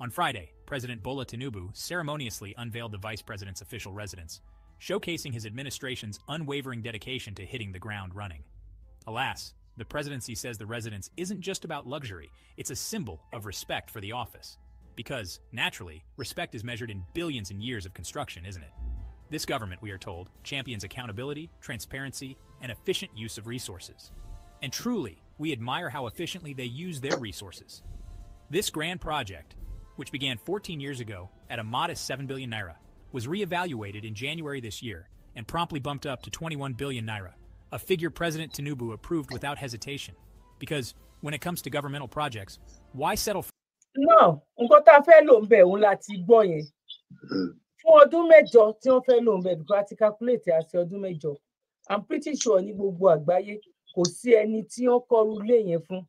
On Friday, President Bola Tinubu ceremoniously unveiled the vice president's official residence, showcasing his administration's unwavering dedication to hitting the ground running. Alas, the presidency says the residence isn't just about luxury, it's a symbol of respect for the office. Because, naturally, respect is measured in billions and years of construction, isn't it? This government, we are told, champions accountability, transparency, and efficient use of resources. And truly, we admire how efficiently they use their resources. This grand project, which began 14 years ago at a modest 7 billion naira, was re-evaluated in January this year and promptly bumped up to 21 billion naira, a figure President Tinubu approved without hesitation. Because when it comes to governmental projects, why settle for? náà nǹkan tá a fẹ́ lò ń bẹ̀ òun la ti gbọ́ yẹn hmm. fún ọdún mẹ́jọ tí wọ́n fẹ́ lò ń bẹ̀ because a ti calculate àti ọdún mẹ́jọ i'm pretty sure ní gbogbo àgbáyé kò sí ẹni tí wọ́n kọ́rú ilé yẹn fún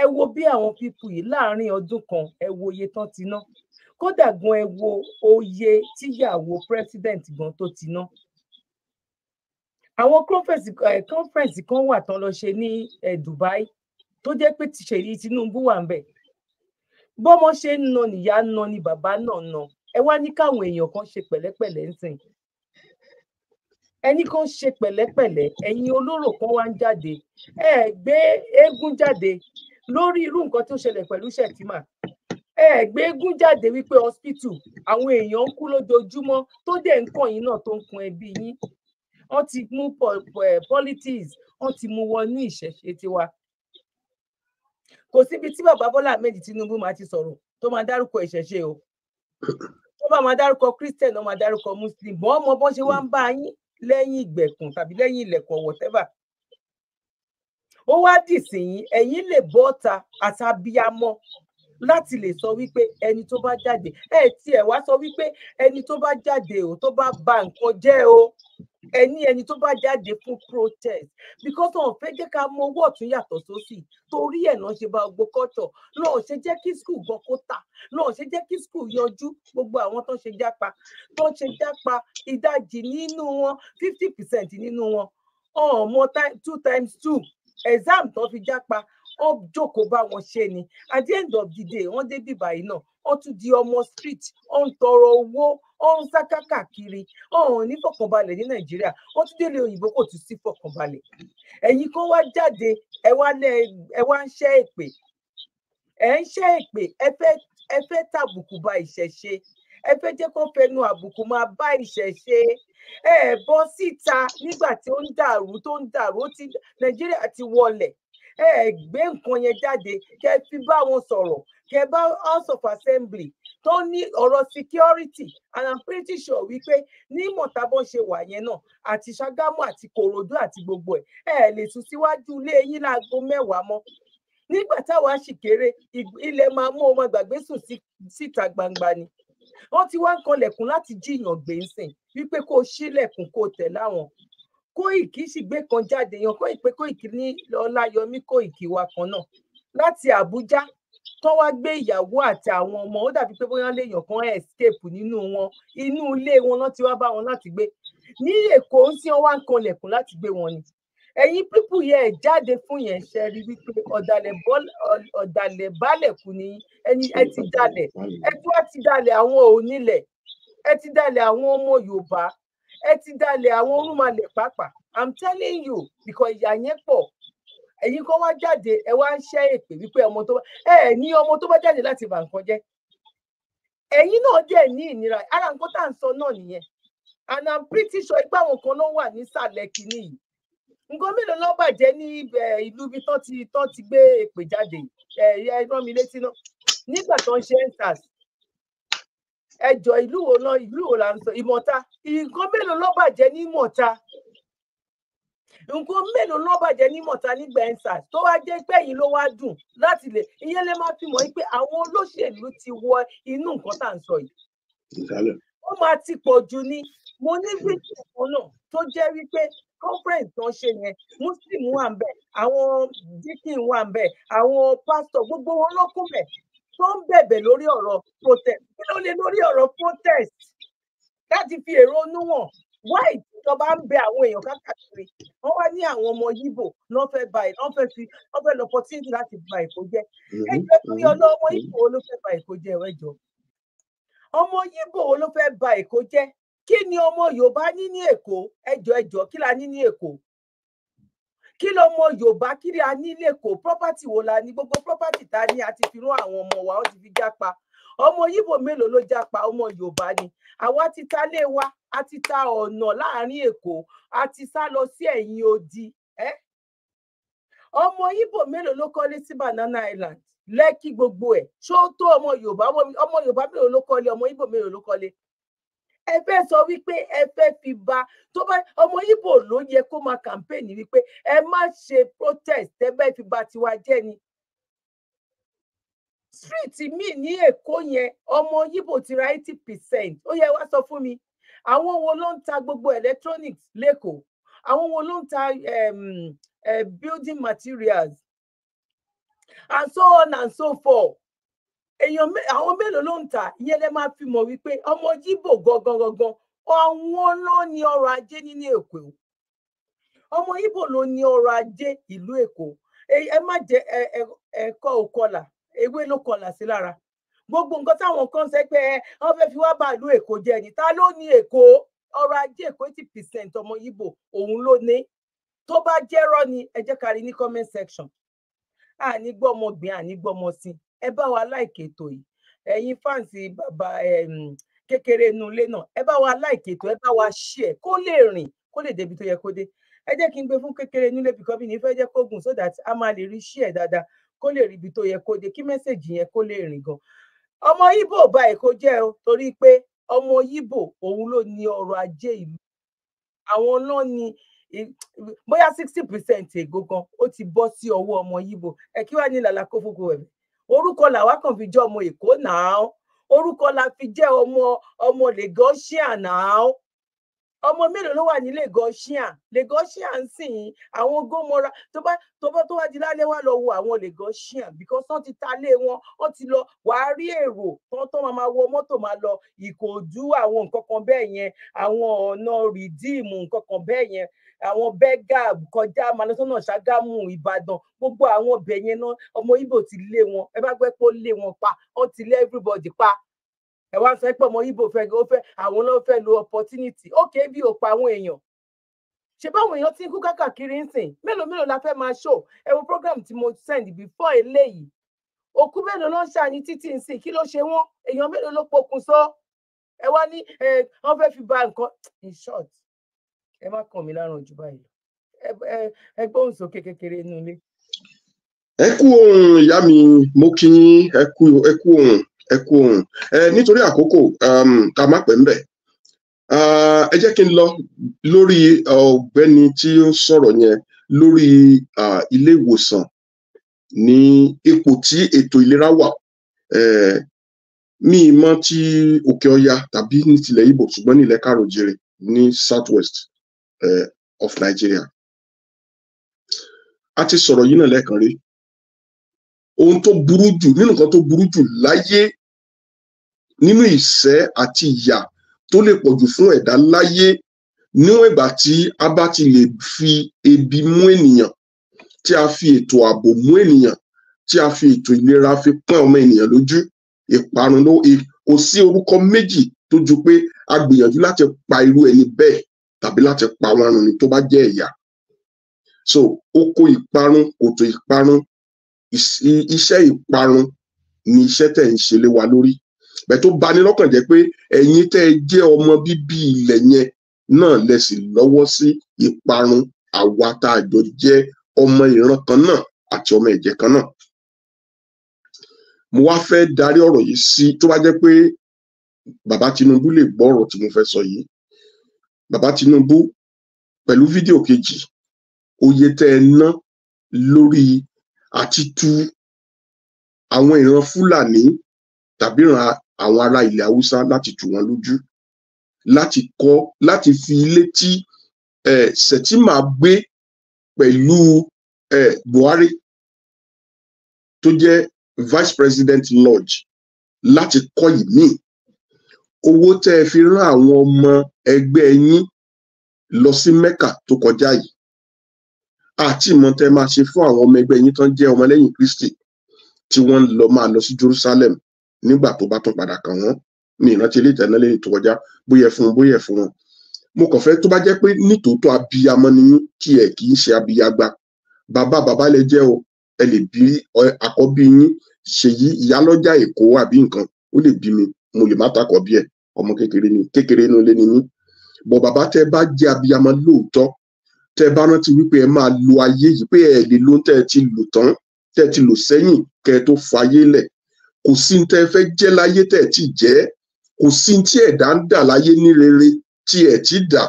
ẹ wo bí àwọn pípù yìí láàrin ọdún kan ẹ wo iye tán ti ná kódà gan ẹ wo oyè tíyàwó president gan tó ti ná àwọn conference conference kan wà tán lọ ṣe ní Dubai tó jẹ́ pé tìṣèlú Tinubu wà ń bẹ̀ bọ́mọ ṣe ń na nìyá na ni bàbá náà na ẹ wá ní káwọn èèyàn kan ṣe pẹ̀lẹ́pẹ̀lẹ́ ń sìn ẹni kan ṣe pẹ̀lẹ́pẹ̀lẹ́ ẹ̀yin olóró kan wá ń jáde ẹ gbé eégún jáde lórí irú nǹkan tó ṣẹlẹ̀ pẹ̀lú Shettima ẹ gbé eégún jáde wípé hospital àwọn èèyàn ń kú lójoojúmọ́ tó dẹ̀ ń kàn yín náà tó ń kun ẹbí yín wọ́n ti mú eh, politics wọ́n ti mú wọn ìṣẹ̀ṣe tiwa kò síbi tí bàbá Bọ́lá Ahmed Tinubu máa ti sọ̀rọ̀ tó máa dárúkọ ìṣẹ̀ṣe o tó bá máa dárúkọ Christian náà máa dárúkọ Muslim bọ́n mọ bọ́n ṣe wá ń bá yín lẹ́yìn ìgbẹ̀kùn tàbí lẹ́yìn ilẹ̀kùn whatever ó wá dì sí yín ẹ̀yin lè bọ́ ta àtàbíamọ́ láti lè sọ wípé ẹni tó bá jáde ẹ tiẹ̀ wá sọ wípé ẹni tó bá jáde o tó bá ba nǹkan jẹ́ o ẹni ẹni tó bá jáde fún protest because wọn fẹ́ jẹ́ ká mọ owó ọ̀tún yàtọ̀ sósì torí ẹ̀ náà ṣe bá gbogbo culture náà ṣe jẹ́ kí school gan kó tà náà ṣe jẹ́ kí school yọjú gbogbo àwọn tó ń ṣe jápa tó ṣe jápa ìdajì nínú wọn fifty percent nínú wọn ọmọ two times two exam tó fi jápa wọn jókòó bá wọn ṣe ni at the end of the day wọn dé bíbá yìí náà wọn tún di ọmọ street wọn ń tọrọ owó wọn ń sáká káàkiri wọn ò ní fọkànbalẹ̀ ní nàìjíríà wọn tún délé òyìnbó kò tún sí fọkànbalẹ̀ ẹ̀yin kan wá jáde ẹ wá lẹ ẹ wá ń ṣẹ́ èpè ẹ ń ṣẹ́ èpè ẹ fẹ́ tàbùkù ba ìṣẹ̀ṣe ẹ fẹ́ jẹ́ kó fẹnu àbùkù máa bá ìṣẹ̀ṣe ẹ bọ́ síta nígbà tí ó ń dàrú tó ń dàrú ó ti nàìjíríà ti wọlẹ̀ ẹ gbé nǹkan yẹn jáde kẹ fi bá wọn sọ̀rọ̀ kẹ bá house of assembly tó ní ọ̀rọ̀ security and i'm pretty sure wípé ní mọ̀tàbọ̀n ṣe wà yẹn náà àti ṣàgámù àti kòròdú àti gbogbo ẹ̀ ẹ lè sùn síwájú ilé yín láago mẹ́wàá mọ́ nígbà táwa sì kéré ilẹ̀ máa mú ọmọ gbàgbé sùn síta gbangba ni wọ́n ti wá ń kanlẹ̀kùn láti jíyàn gbé ń sìn wípé kó o ṣílẹ̀kùn kó o tẹ̀ láwọn Kóìkì sì gbé kan jáde yan Kóìkì pé Kóìkì ní Ọláyọmí Kóìkì wa kan náà láti Àbújá tó wá gbé ìyàwó àti àwọn ọmọ ó dàbí pé bóyá léèyàn kan escape nínú wọn inú ilé wọn lọ ti wá bá wọn láti gbé ní Èkó ń tí wọn wá ń kanlẹ̀kùn láti gbé wọn ni ẹ̀yin pípù yẹn jáde fún yẹn ṣe rí wípé ọ̀dàlẹ̀ bálẹ̀kù ni ẹni ẹ ti dalẹ̀ ẹ tí wá ti dalẹ̀ àwọn onílẹ̀ ẹ ti dalẹ̀ àwọn ọmọ Yorùbá ẹ ti dalẹ̀ àwọn orúnmalẹ̀ pàápàá i'm telling you because ìyà yẹn pọ̀ ẹ̀yin kan wá jáde ẹ wá ń ṣẹ́ èpè wípé ọmọ tó bá ẹ ní ọmọ tó bá jáde láti bà nǹkan jẹ́ ẹ̀yin náà dẹ̀ ní ìnira ara nǹkan tá à ń sọ náà nìyẹn and i'm pretty sure ipá àwọn kan ló wà nísàlẹ̀ kínní yìí nǹkan mélòó ló bàjẹ́ ní ìlú ibi tán ti tán ti gbé èpè jáde ẹ ẹ rán mi létí náà nígbà tó ń ṣe endsars ẹjọ ìlú wo lọ ìlú wo là ń sọ ìmọ̀ta nǹkan mélòó ló bàjẹ́ ní mọ̀ta nǹkan mélòó ló bàjẹ́ ní mọ̀ta nígbà ẹ̀ǹsà tó wá jẹ́ pé yìí ló wá dùn láti lè ìyẹn lè máa fi mọ̀ pé àwọn olóṣèlú ti wọ inú nǹkan tá à ń sọ yìí ó máa ti pọ̀ jù ni mo ní fídíò kan náà tó jẹ́ wípé conference tán ṣe yẹn muslim wà ń bẹ̀ àwọn dikin wà ń bẹ̀ àwọn pastor gbogbo wọn ló kún tó ń bẹ̀bẹ̀ lórí ọ̀rọ̀ protest kí ló lè lórí ọ̀rọ̀ protest láti fi èrò inú wọn wá ìjọba ń bẹ àwọn èèyàn káàkiri wọn wá ní àwọn ọmọ yíbò lọ fẹ́ ba ẹ lọ fẹ́ fi lọ fẹ́ lọ opportunity láti ba èkó jẹ́ ẹjọ́ mm-hmm. tó yọ lọ ọmọ yíbò wo ló fẹ́ ba èkó jẹ́ ẹjọ ọmọ yíbò ló fẹ́ ba èkó jẹ́ kí ni ọmọ yorùbá ní ní èkó ẹjọ ẹjọ kí la ní ní èkó kí ló mọ yorùbá kiri a ní ilé kó property wo la ní gbogbo property ta ni a ti fi rán àwọn ọmọ wa ó ti fi jápa ọmọ yíbò mélòó ló jápa ọmọ yorùbá ni àwa ti ta lé wa a ti ta ọ̀nà láàrin èkó a ti sá lọ sí ẹ̀yìn odi ẹ́ ọmọ yíbò mélòó ló kọ́lé sí banana island lẹ́kí gbogbo ẹ̀ ṣó tó ọmọ yorùbá ọmọ yorùbá mélòó ló kọ́lé ọmọ yíbò mélòó ló kọ́lé ẹ sọ wípé ẹ fẹ́ fi ba tó bá ọmọ Ìgbò ló yẹ kó máa kàmpéènì wípé ẹ má ṣe protest ẹ fi ba tiwa jẹ́ ni street mi ní Èkó yẹn ọmọ Ìgbò ti ra eighty percent ó yẹ wá sọ fún mi àwọn wo ló ń ta gbogbo electronics lẹ́kọ̀ọ́ àwọn wo ló ń ta um, uh, building materials and so on and so forth èèyàn àwọn mélòó ló ń tà ìyẹn lẹ máa fi mọ̀ wípé ọmọ Yíbò gangan gangan àwọn ló ní ọrọ̀ ajé nínú Èkó ọmọ ibo ló ní ọrọ̀ ajé ìlú Èkó ẹ má jẹ ẹkọ òkọlà ewé ló kọlà sí lára gbogbo nǹkan táwọn kan ṣe pé wọn fẹẹ fi wá bá ìlú Èkó jẹ ni ta ló ní Èkó ọrọ̀ ajé Èkó eighty percent ọmọ Yíbò òun ló ní tó bá jẹ́rọ́ ni ẹ jẹ́ ká rí ní comment section àní gbọ́mọgbìn àní gbọ́mọsìn ẹ bá wa láìkè ètò yìí ẹ̀yin fáǹsì bàbá kékeré inú ilé náà ẹ bá wa láìkè ètò ẹ bá wa ṣe ẹ kó lè rìn kó lè débi tó yẹ kó dé ẹ jẹ́ kí n gbé fún kékeré nílé bìkan bí ní fẹ́ jẹ́ kógùn so that a máa lè rí ṣí ẹ̀ dáadáa kó lè rí ibi tó yẹ kó dé kí mẹ́sẹ̀gì yẹn kó lè rìn gan. ọmọ Ìgbò bá èkó jẹ́ o torí pé ọmọ Ìgbò òun ló ní ọrọ̀ ajé ìlú àwọn náà ni bóyá sixty percent ègó gan ó ti bọ́ sí ọwọ́ ọmọ Ìgbò ẹ kí wàá ní làlàkó fúnko orúkọ làwa kàn fi jẹ́ ọmọ èkó náà orúkọ la fi jẹ́ ọmọ ọmọ lagosian náà ọmọ mélòó ló wà ní lagosian lagosian ń sìn àwọn gómọra tó bá tó bá tó wá di lálẹ́ wá lọ wo àwọn lagosian because wọ́n ti ta lé wọn wọ́n ti lọ wàá rí èrò tán tán máa wọ mọ́tò máa lọ ìkòdú àwọn nǹkan kan bẹ́ẹ̀ yẹn àwọn ọ̀nà rìdíìmù nǹkan kan bẹ́ẹ̀ yẹn àwọn Bergam kọjá manasọ́nà Ṣàgámù Ìbàdàn gbogbo àwọn ọbẹ̀ yẹn náà ọmọ Ìgbò ti lé wọn ẹ bá gbẹ́ pé ó lé wọn pa ó ti lé everybody pa ẹ wá sọ pé ọmọ ibo fẹ́ ó fẹ́ àwọn náà fẹ́ lo opportunity ó kéé bí ó pa àwọn èèyàn ṣe báwọn èèyàn ti ń kú kákàkiri ń sìn mélòó mélòó la fẹ́ máa ṣó ẹ program tí mo send before eléyìí òkú mélòó ló ń ṣàní títí ń sìn kí ló ṣe wọ́n èèyàn mélòó ló pokùn so ẹ wá ní ẹ wọ́n fẹ́ fi ba nǹkan in short ẹ má kàn mí lárùn jù báyìí lọ ẹ gbóhùn sókè kékeré inú ilé. ẹ kú ohun ìyá mi mo kí yín ẹ kú ohun ẹ kú ohun ẹ nítorí àkókò ká um, má pẹ́ ńbẹ̀ ẹ jẹ́ kí n lọ lórí ọ̀gbẹ́ni tí ó sọ̀rọ̀ yẹn lórí ilé ìwòsàn ní ipò tí ètò ìlera wà mi mọ̀ ti òkè ọya tàbí ní tilẹ̀ ibo ṣùgbọ́n nílẹ̀ káròjèrè ní south west uh, of Nigeria. a ti sọ̀rọ̀ yìí náà lẹ́ẹ̀kan rí ohun tó burú jù nínú nǹkan tó burú jù láyé nínú ìṣẹ́ àti ìyà tó lè pọ̀jù fún ẹ̀dá láyé níwọ̀n ìgbà tí a bá ti lè fi ebi mú ènìyàn tí a fi ètò ààbò mú ènìyàn tí a fi ètò ìlera fi pọ́n ọmọ ènìyàn lójú ìparun ló kò sí orúkọ méjì tó ju pé a gbìyànjú láti pa irú ẹni bẹ́ẹ̀ tàbí láti pa wọn ni tó bá jẹ́ ẹ̀yà so ó kó ìparun kòtò ìparun iṣẹ́ ìparun ni iṣẹ́ tẹ̀ ń ṣe lé wa lórí bẹ́ẹ̀ tó bani lọ́kàn jẹ́ pé ẹ̀yin tẹ́ ẹ jẹ́ ọmọ bíbí ilẹ̀ yẹn náà lẹ sì lọ́wọ́ sí ìparun àwa tá a jọ jẹ́ ọmọ ìran kan náà àti ọmọ ẹ̀jẹ̀ kan náà mo wá fẹ́ darí ọ̀rọ̀ yìí sí tó bá jẹ́ pé bàbá Tinubu lè gbọ́ ọ̀rọ̀ tí mo fẹ́ sọ yìí bàbá Tinubu pẹ̀lú fídíò kejì oye tẹ́ ẹ ná lórí àti tu àwọn ìran Fúlàní tàbí ìran àwọn ará ilẹ̀ Haúsá láti tù wọ́n lójú láti kọ́ láti fi ilé tí eh, Sẹ̀tìmà gbé pẹ̀lú eh, Buhari tó jẹ́ vice president lodge láti kọ́ ìmíì owó tẹ́ ẹ fi rán àwọn ọmọ ẹgbẹ́ yín lọ sí mẹ́kà tó kọjá yìí àti ìmọ̀ máa ṣe fún àwọn ọmọ ẹgbẹ́ yín tán jẹ́ ọmọlẹ́yìn kristi tí wọ́n lọ máa lọ sí jerusalem nígbà tó bá tún padà kàn wọ́n ní ìrántí ilé ìtẹ́ná lẹ́yìn tó kọjá bóyá fún bóyá fún wọn mo kàn fẹ́ tó bá jẹ́ pé nítòótọ́ abiyamọ ni yín kí ẹ kì í ṣe abiyagba bàbá bàbá lè jẹ́ o ẹ lè bí àkọ́bí yín ṣèyí ìyálọ́jà èkó àbí nǹkan ó lè bí mi mo lè má takọ̀ bí ẹ̀ ọmọ kékeré ni kékeré inú ilé ni mí bọ bàbá tẹ bá jẹ abiyamọ lóòótọ́ tẹ bá rántí wípé ẹ máa lo ayé yìí pé ẹ lè ló tẹ ti lò tán tẹ ti lò sẹ́yìn kẹ tó fayé lẹ kò sí tẹ fẹ́ jẹ láyé tẹ ti jẹ kò sí tí ẹ̀dá ń dà láyé ní rere tí ẹ ti dà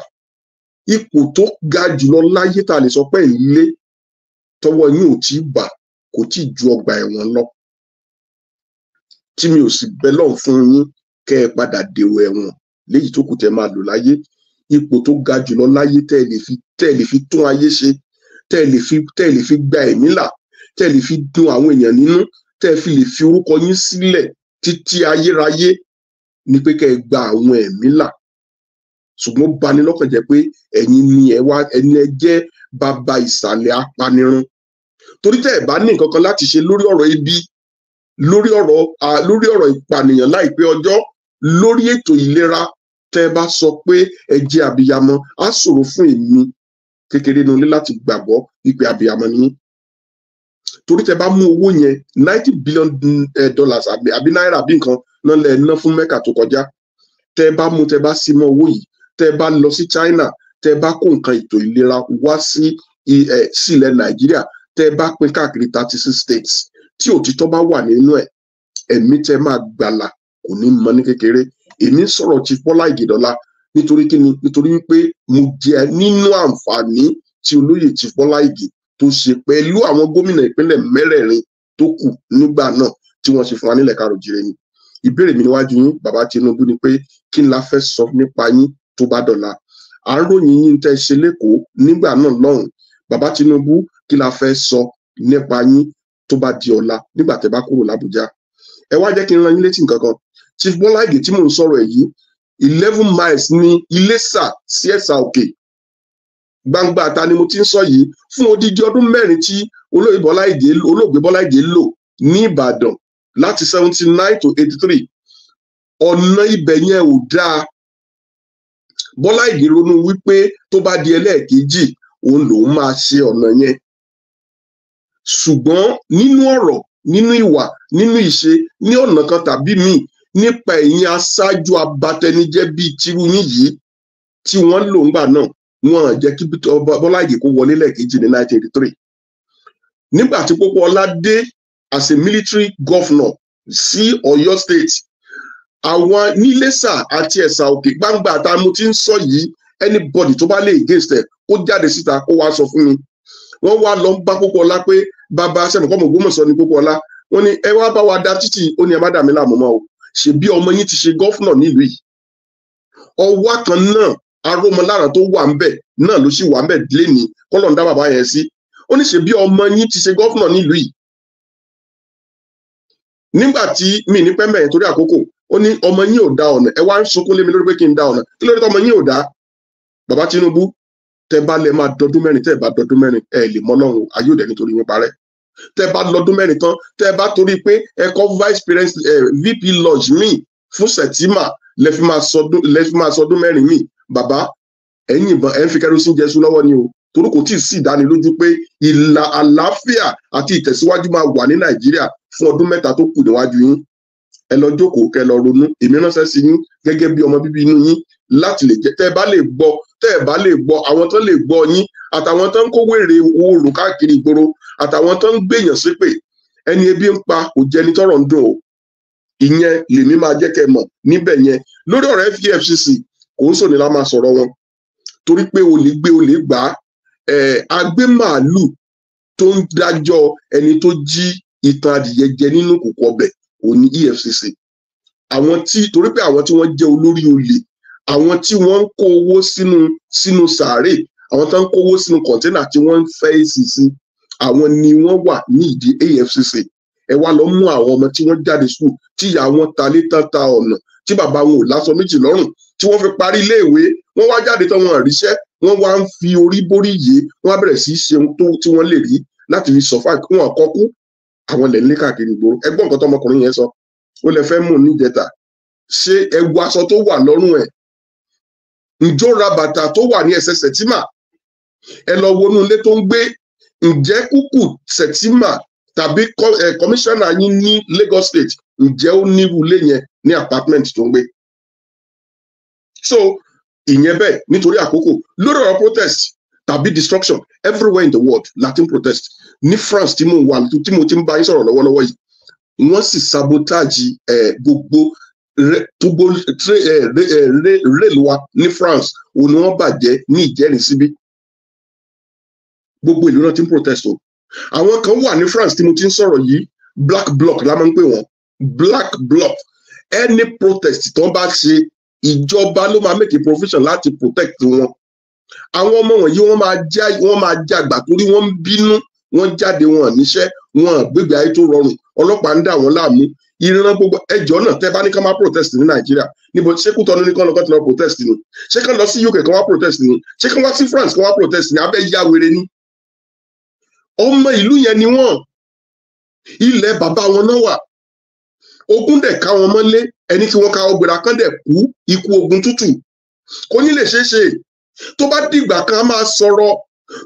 ipò tó ga jùlọ láyé tá a lè sọ pé ilé tọ́wọ́ yín ò tí bà kò tí ju ọgbà ẹ̀wọ̀n lọ tí mi ò sì bẹ lọ́hùn fún yín kẹ́ ẹ padà dèrò ẹ̀wọ̀n léyìí tó kù tẹ́ máa lò láyé ipò tó ga jùlọ láyé tẹ́ ẹ lè fi tẹ́ ẹ lè fi tún ayé ṣe tẹ́ ẹ lè fi tẹ́ ẹ lè fi gba ẹ̀mí là tẹ́ ẹ lè fi dun àwọn èèyàn nínú tẹ́ ẹ fi lè fi orúkọ yín sílẹ̀ títí ayérayé ni pé kẹ́ ẹ gba àwọn ẹ̀mí là ṣùgbọ́n bani lọ́kàn jẹ́ pé ẹ̀yin ni ẹ wá ẹni ẹ jẹ́ bàbá ìsàlẹ̀ apanirun torí tẹ́ ẹ bá ní nǹkan kan láti ṣe lórí ọ̀rọ̀ ibi lórí ọ̀rọ̀ ìpànìyàn láìpẹ́ ọjọ́ lórí ètò ìlera tẹ́ ẹ bá sọ pé ẹ jẹ́ abiyamọ á ṣòro fún èmi kékeré nu láti gbàgbọ́ ìpè abiyamọ ni torí tẹ́ bá mú owó yẹn ninety billion eh, dollars àbí náírà bí nǹkan náà lẹ ná fún mẹ́kà tó kọjá tẹ́ bá mú tẹ́ bá sí mọ́ owó yìí tẹ́ bá lọ sí China tẹ́ bá kó nǹkan ètò ìlera wá sí sílẹ̀ Nàìjíríà tẹ́ bá pín káàkiri thirty six states tí òtítọ́ bá wà nínú ẹ̀ ẹ̀mí tẹ́ máa gbàlà kò ní mọ ní kékeré èmi sọ̀rọ̀ Chief Bọ́lá Ìgèdọ̀lá nítorí kíni nítorí wípé mo jẹ nínú àǹfààní tí olóyè Chief Bọ́lá Ìgè tó ṣe pẹ̀lú àwọn gómìnà ìpínlẹ̀ mẹ́rẹ̀ẹ̀rin tó kù nígbà náà tí wọ́n ṣe fún wa nílẹ̀ karòjìrè ni ìbéèrè mi níwájú yín bàbá Tinubu ni pé kí n la fẹ́ sọ nípa yín tó bá dọ̀la à ń ròyìn yín tẹ́ ṣe lẹ́kọ̀ọ́ nígbà náà lọ́hùn bàbá Tinubu kí la fẹ́ sọ nípa yín tó bá di ọ̀la nígbà tẹ́ bá kúrò l'Àbújá ẹ wá jẹ́ kí n ran yín létí nǹkan kan Chief Bọ́lá Ìgè tí mò ń sọ̀rọ̀ ẹ̀ yìí eleven miles ní Iléṣà sí Ẹ̀sà Òkè gbangba ta ni mo ti ń sọ yìí fún odidi ọdún mẹ́rin tí olóyè Bọ́lá Ìgè olóògbé Bọ́lá Ìgè lò ní Ìbàdàn láti seventy nine to eighty three ọ̀nà ibẹ̀ yẹn ò dáa Bọ́lá Ìgè ronú wípé tó bá di ẹlẹ́ẹ̀kejì òun lòún máa ṣe ọ̀nà yẹn ṣùgbọ́n nínú ọ̀rọ̀ nínú ìwà nínú ìṣe ní ọ̀nà kan tàbí míì nípa ẹ̀yìn aṣáájú abatẹnijẹ́ bíi tìrú nìyí tí wọ́n lò ńgbà náà wọn jẹ́ kí Bọ́lá Ìgè kó wọlé lẹ́ẹ̀kejì ní 1983 nígbà tí Pópóọlá dé as a military governor sí Ọ̀yọ́ state àwọn nílẹ̀ṣà àti ẹ̀sà òkè gbangba àtàmú tí ń sọ yìí anybody tó bá lè against ẹ̀ kó jáde síta kó wá sọ fún mi wọ́n wá lọ ń bá Pópóọlá pé bàbá sẹ́mọ̀kọ́mọ̀ Ògbómọ̀ṣọ́ ní kókó ọlá wọn ni ẹ wá bá wa da títì ó ní ẹ má dà mí láàmú mọ́ o ṣebí ọmọ yín ti ṣe gọ́fúnà nílùú yìí ọwá kan náà arómọlára tó wà ńbẹ náà ló sì wà ńbẹ lénìí kọlọńdà bàbá yẹn sí ó ní ṣebí ọmọ yín ti ṣe gọ́fúnà nílùú yìí nígbà tí mi ní pẹ́ńbẹ̀ yẹn torí àkókò ó ní ọmọ yín ò da ọ̀nà ẹ wá ń sunkún lé mi lórí pé kí n da ọ̀nà kí lórí tó ọmọ yín ò da bàbá Tinubu tẹ bá lẹ máa dọdún mẹ́rin tẹ bá dọdún mẹ́rin ẹ lè mọ Ọlọ́run ayé òde nítorí yín parẹ́ tẹ́ bá lọ́dún mẹ́rin tán tẹ́ bá torí pé ẹ kọ́ vice president eh, vp lodge mi fún sẹ̀tìmà lẹ fi máa sọdún mẹ́rin mi bàbá ẹ̀yìn ìbọn ẹ̀ ń fi kẹrosín jẹ́sú lọ́wọ́ ni o torí kò tí ì sí ìdánilójú pé ìlà àlàáfíà àti ìtẹ̀síwájú máa wà ní nàìjíríà fún ọdún mẹ́ta tó kù níwájú yín ẹ lọ jókòó kẹ lọ ronú èmi ránṣẹ́ sí yín gẹ́gẹ́ bí ọmọ bíbí inú yín láti lè jẹ tẹ́ ẹ bá lè gbọ́ tẹ́ ẹ bá lè gbọ́ àwọn tán lè gbọ́ yín àtàwọn tán ń kó wèrè wòrò káàkiri ìgboro àtàwọn tán ń gbèyàn sípè ẹni ebi ń pa kò jẹni tọ́rọ̀ ń dùn o ìyẹn lèmi máa jẹ́ kẹ́ mọ̀ níbẹ̀ yẹn lórí ọ̀rọ̀ efcc kò ń sòní la máa sọ̀rọ̀ wọn torí pé olè gbé olè gbà á agbé màálù tó ń dájọ́ ẹni tó jí ìtàn adìyẹ jẹ nínú kòkó ọbẹ̀ òní efcc àwọn tí torí pé àwọn tí wọ́n jẹ́ olórí olè àwọn tí wọ́n ń kó owó sínú sínú sàárè àwọn tó ń kó owó sínú kọ̀ńténà tí wọ́n ń fẹ́ èsì sí àwọn ni wọ́n wà ní ìdí AFCC ẹ wá lọ mú àwọn ọmọ tí wọ́n jáde school tí ìyá wọn ta lé tán ta ọ̀nà tí bàbá wọn ò láṣọ méjì lọ́rùn tí wọ́n fi parí iléèwé wọ́n wá jáde tán wọn àríṣẹ́ wọ́n wá ń fi orí borí yìí wọ́n á bẹ̀rẹ̀ sí í ṣeun tó tí wọ́n lè rí láti fi sọ̀fà kí wọ́n kọ́ kú àwọn ilẹ̀ nílé káàkiri ìgboro ẹgbọ́n nǹkan tọmọkùnrin yẹn sọ ó lè fẹ́ mú níjẹta ṣé ẹ wo aṣọ tó wà lọ́rùn ẹ̀ ǹjọ́ ra bàtà tó wà ní ẹsẹ̀ sẹ̀tímà ẹ lọ wọnú ilé tó ń gbé ǹjẹ́ kúkú sẹ̀tímà tàbí kọmíṣánná yín ní Lagos State ǹjẹ́ ó nírú ilé yẹn ní apartment tó ń gbé. so ìyẹn bẹ́ẹ̀ nítorí àkókò lórí ọ̀rọ̀ protest tàbí destruction everywhere in the world latin protest ní France tí mo wà tí mo ti ń bá yín sọ̀rọ̀ lọ́wọ́lọ́wọ́ yìí wọ́n sì sabotage gbogbo gbogbo rélù wa ní France òun ni wọ́n bàjẹ́ ní ìjẹ́rìí síbí gbogbo ìlú náà ti ń protest o àwọn kan wà ní France tí mo ti ń sọ̀rọ̀ yìí black bloc la máa ń pè wọ́n black bloc any protest tí wọ́n bá ṣe ìjọba ló máa make a provision láti protect wọn àwọn ọmọ wọ̀nyí wọ́n máa já wọ́n máa já àgbà torí wọ́n ń bínú wọ́n jáde wọn níṣẹ́ wọn gbégbé ayé tó rọrùn ọlọ́pàá ń dà wọ́n láàmú ìran gbogbo ẹjọ́ náà tẹ́ bá ní ká máa protest ní nàìjíríà níbo ṣé kú tọ́nu ní kán lọ́kàn tí lọ́ọ́ protest ni ṣé kán lọ sí uk kán wá protest ni ṣé kán wá sí france kán wá protest ni abẹ́ yá wèrè ni ọmọ ìlú yẹn ni wọ́n ilẹ̀ bàbá wọn náà wà ogun dẹ̀ ká wọn mọ́lé ẹni tí wọ́n ká ọgbẹ̀rà kan dẹ̀ kú ikú ogun tútù kò ní lè ṣeé ṣe tó bá dìgbà kan á máa sọ̀rọ̀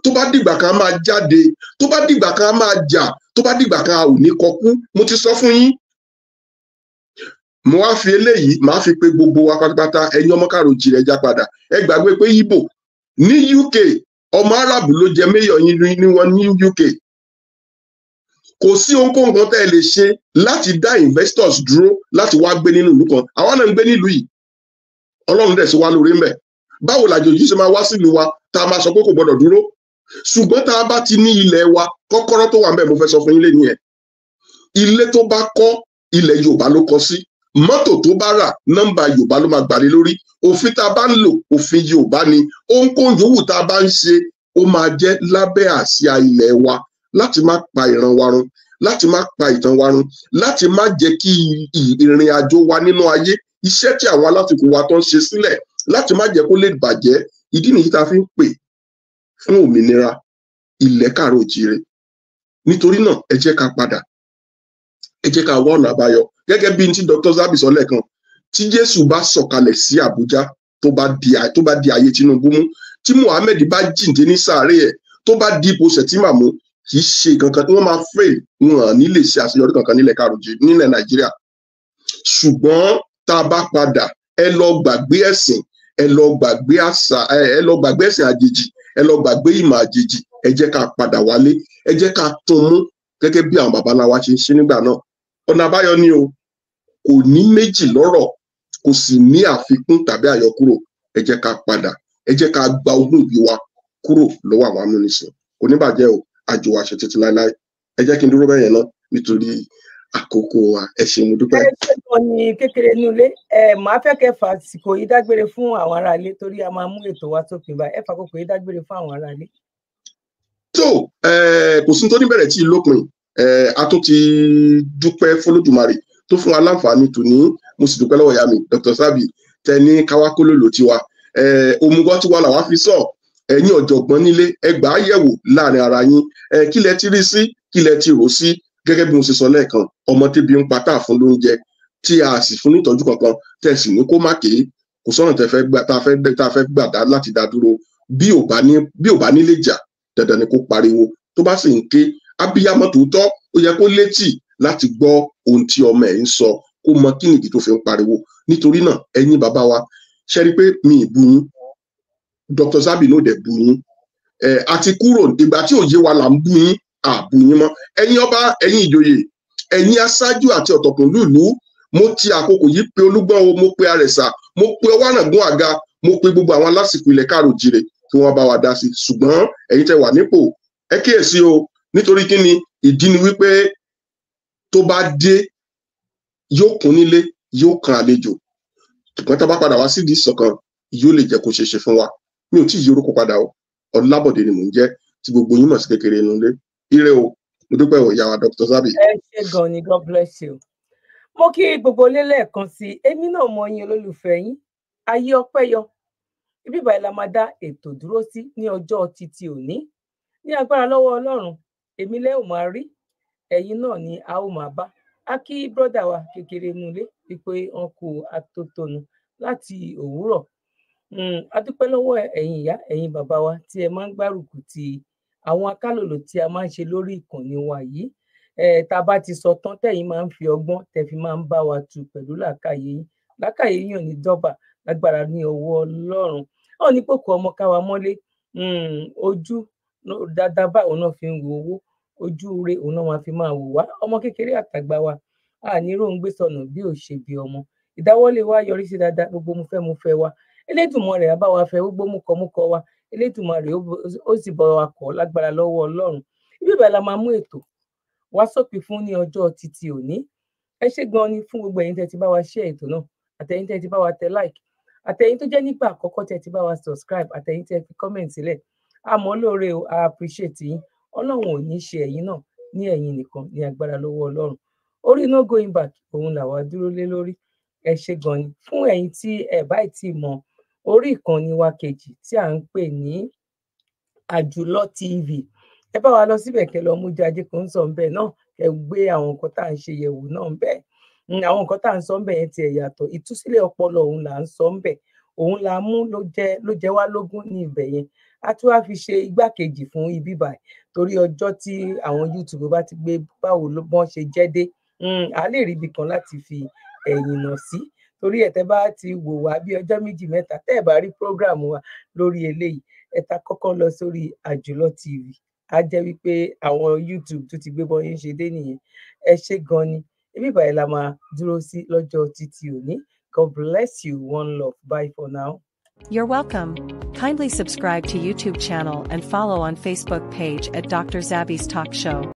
tó bá dìgbà kan á máa jáde tó bá dìgbà kan á máa jà tó bá dìgbà kan á ò ní kọkú mo ti sọ fún yín mo wá fi eléyìí màá fi pé gbogbo wa pátápátá ẹ̀yin ọmọ káàró jìrẹ já padà ẹ gbàgbé pé Ìgbò ní UK ọmọ Arab ló jẹ mayor yín ní wọn ní UK kò sí ohunkóhun kan tẹ́ ẹ lè ṣe láti dá investors dúró láti wá gbé nínú ìlú kan àwa náà ń gbé nílùú yìí ọlọ́run dẹ̀ sí wa lórí ń bẹ̀ báwo làjòjì ṣe máa wá sílùú wa tá a máa sọ pé kò gbọdọ̀ dúró ṣùgbọ́n tá a bá ti ní ilẹ̀ wa kọ́kọ́rọ́ tó wà ń bẹ̀ mo fẹ́ sọ fún yín lé ní ẹ̀ ilé tó bá kọ́ ilẹ̀ Yorùbá ló kọ́ sí mọ́tò tó bá rà nọ́mbà yorùbá ló máa gbàlé lórí òfin tá a bá ń lò òfin yorùbá ni ohunkóhun yòówù tá a bá ń ṣe ó máa jẹ́ lábẹ́ àsíá ilẹ̀ wa láti má pa ìran wa run láti má pa ìtàn wa run láti má jẹ́ kí ìrìn àjò wa nínú ayé iṣẹ́ tí àwọn alátakò wa tó ń ṣe sílẹ̀ láti má jẹ́ kó lè bàjẹ́ ìdí nìyí tá a fi ń pè fún òmìnira ilẹ̀ káàrọ̀ òjìire nítorí náà ẹ jẹ́ ká padà ẹ jẹ́ ká wá ọ̀nà àbáyọ gẹ́gẹ́ bí ti Dr. Zabi sọ lẹ́ẹ̀kan tí Jésù bá sọ̀kalẹ̀ sí Àbújá tó bá di tó bá di ayé Tinubu mú tí Muhammed bá jíǹde ní sàárè ẹ̀ tó bá di ipò Sẹ̀tìmà mú kì í ṣe kankan tí wọ́n máa fẹ́ wọn ní lè ṣe àṣeyọrí kankan nílẹ̀ karùnjì nílẹ̀ Nàìjíríà ṣùgbọ́n tá a bá padà ẹ lọ gbàgbé ẹ̀sìn ẹ lọ gbàgbé àṣà ẹ lọ gbàgbé ẹ̀sìn àjèjì ẹ lọ gbàgbé ìmọ̀ àjèjì ẹ jẹ́ ká padà wálé ẹ jẹ́ ká tún mú gẹ́gẹ́ bí àwọn babaláwa ṣe ń ṣe nígbà náà ọ̀nà àbáyọ ni o kò ní méjì lọ́rọ̀ kò sì ní àfikún tàbí àyọkúrò ẹ jẹ́ ká padà ẹ jẹ́ ká gba ogún ìbí wa kúrò lọ́wọ́ àwọn amúnisìn kò ní bàjẹ́ o àjò àṣẹ títí láéláé ẹ jẹ́ kí n dúró bẹyẹn náà nítorí àkókò wa ẹ ṣé mo dúpẹ́. ẹ ṣe gan ni kékeré inú ilé ẹ máa fẹ́ kẹ́ fàsìkò yìí dágbére fún àwọn aráalé torí a máa mú ètò wa sópin báyìí ẹ fàkókò yìí dágbére fún àwọn aráalé. tó kò sí tó ní bẹ̀rẹ̀ tí ì lópin a tún ti dúpẹ́ fọlódùmarè tó fún wa láǹfààní tòní mo sì dúpẹ́ mi Dr. Sabi tẹ ní káwákólò ló ti wa òmùgọ̀ tí wa làwa fi sọ ẹ̀yin ọ̀jọ̀gbọ́n nílé ẹ gbà á yẹ̀wò láàrin ara yín kí lẹ ti rí sí kí lẹ ti rò sí gẹ́gẹ́ bí mo ṣe sọ lẹ́ẹ̀kan ọmọ tẹ́bi ń pa tá a fún lóúnjẹ tí a sì fún nítọ́jú kankan tẹ̀ sì ní kó má kéé kò sọ̀rọ̀ tẹ́ fẹ́ gbà tá a fẹ́ gbà dá láti dá dúró bí ò bá nílé jà dandan ni kó pariwo tó bá sì ń ké abiyamọ tòótọ́ ó yẹ kó létí láti gbọ́ ohun tí ọmọ ẹ̀ ń sọ kó mọ kí nìdí tó fi ń pariwo nítorí náà ẹ̀yin bàbá wa ṣe rí i pé mi ì bu yín Dr. Zabby ló dẹ̀ bu yín ẹ̀ àti kúrò ìgbà tí òye wa là ń bu yín àbù yín mọ́ ẹ̀yin ọba ẹ̀yin ìjòyè ẹ̀yin aṣáájú àti ọ̀tọ̀kùnlùlù mo ti àkókò yìí pe olúgbọ́n o mo pe àrẹ̀sà mo pe ọwọ́ ànàgún àga mo pe gbogbo àwọn alásìkò ilẹ̀ káàrò jire kí wọ́n bá wa dá sí ṣùgbọ́n ẹ̀yin tẹ́ wà nípò ẹ kíyèsí o nítorí kí ìdí ni wípé tó bá dé yóò kún nílé yóò kan àlejò ṣùgbọ́n tá a bá padà wá sídìí ìṣọ̀kan yóò lè jẹ́ kó ṣe ṣe fún wa mi ò tí ì yí orúkọ padà o ọlábọ̀dé ni mò ń jẹ́ tí gbogbo yín mọ̀ sí kékeré inú ilé ire o mo dúpẹ́ ìwọ ìyá Dr. Zabby. ẹ ṣe gan ni God bless you mo kí gbogbo lélẹ̀ kan sí èmi náà mọ yín olólùfẹ́ yín ayé ọpẹ́ yọ ibi ìbàyẹ̀ la máa dá ètò dúró sí ní ọjọ́ títí òní ní agbára lọ́wọ́ Ọlọ́run èmi lẹ́ ò máa rí ẹ̀yin náà ni a ó máa bá a kí brọ́dà wa kékeré nulé wípé wọn kò atótónu láti òwúrọ̀ hmm, a dúpẹ́ lọ́wọ́ ẹ̀yin ìyá ẹ̀yin bàbá wa tí ẹ máa ń gbárùkù ti àwọn akálòlò tí a máa ń ṣe lórí ìkànnì wa yìí tá a bá ti sọ tán tẹ̀yin máa ń fi ọgbọ́n tẹ́ fi máa ń bá wa tu pẹ̀lú làákàyè yín làákàyè yín ò ní dọ́bà lágbára ní ọwọ́ Ọlọ́run náà ní pòkò ọmọ káwa mọ́lé hmm, ojú dáadáa báwo náà fi ń wo owó ojú rẹ òun náà máa fi máa wò wá ọmọ kékeré àtàgbà wa a ní róńgbé sọnù bí ò ṣe bí ọmọ ìdáwọ́lé wa yọrí sí dáadáa gbogbo mo fẹ́ mo fẹ́ wa Elédùmarè á bá wa fẹ́ gbogbo mú kọ mú kọ wa Elédùmarè ó sì bá wa kọ lágbára lọ́wọ́ Ọlọ́run ibi ìbàlá la máa mú ètò wá sópin fún ní ọjọ́ títí òní ẹ ṣé gan ni fún gbogbo ẹ̀yin tẹ́ ti bá wa share ètò náà àtẹ̀yin tẹ́ ti bá wa tẹ like àtẹ̀yin tó jẹ́ nígbà àkọ́kọ́ tẹ́ ti bá wa subscribe àtẹ̀yin tẹ́ fi comment sílẹ̀ àmọ́ lóore o I appreciate yín ọlọ́run ò ní ṣe ẹ̀yin náà ní ẹ̀yin nìkan ní agbára lọ́wọ́ ọlọ́run orí no going back òun làwa dúró lé lórí ẹ ṣe gan ni fún ẹ̀yin tí ẹ báyìí ti mọ orí ìkànnì wa kejì tí à ń pè ní àjùlọ tv ẹ bá wa lọ síbẹ̀ kẹ́ lọ mú jáde kó ń sọ ń bẹ̀ náà kẹ́ gbé àwọn nǹkan tá à ń ṣe yẹ̀wò náà ń bẹ̀ hmm, àwọn nǹkan tá à ń sọ ń bẹ̀ yẹn tiẹ̀ yàtọ̀ ìtúsílẹ̀ ọpọlọ òun là ń sọ ń bẹ̀ òun la mú ló jẹ́ ló jẹ́ wá lógún ní ibẹ̀ yẹn a tún wá fi ṣe igbákejì fún ibi báyìí torí ọjọ́ tí àwọn YouTube bá ti gbé báwo ló bọ́n ṣe jẹ́ dé hmm, a lè rí ibì kan láti fi ẹ̀yìn nà sí torí ẹ̀ tẹ́ bá ti wò wá bí ọjọ́ méjì mẹ́ta tẹ́ ẹ̀ bá rí program wa lórí eléyìí ẹ ta kọ́kọ́ lọ sórí àjùlọ TV á jẹ́ wípé àwọn YouTube tó ti gbé bọ́n ṣe dé nìyẹn ẹ ṣe gan ni ibi báyìí la máa dúró sí lọ́jọ́ títí òní God bless you one love bye for now. You're welcome. Kindly subscribe to YouTube channel and follow on Facebook page at Dr. Zabby's Talk Show.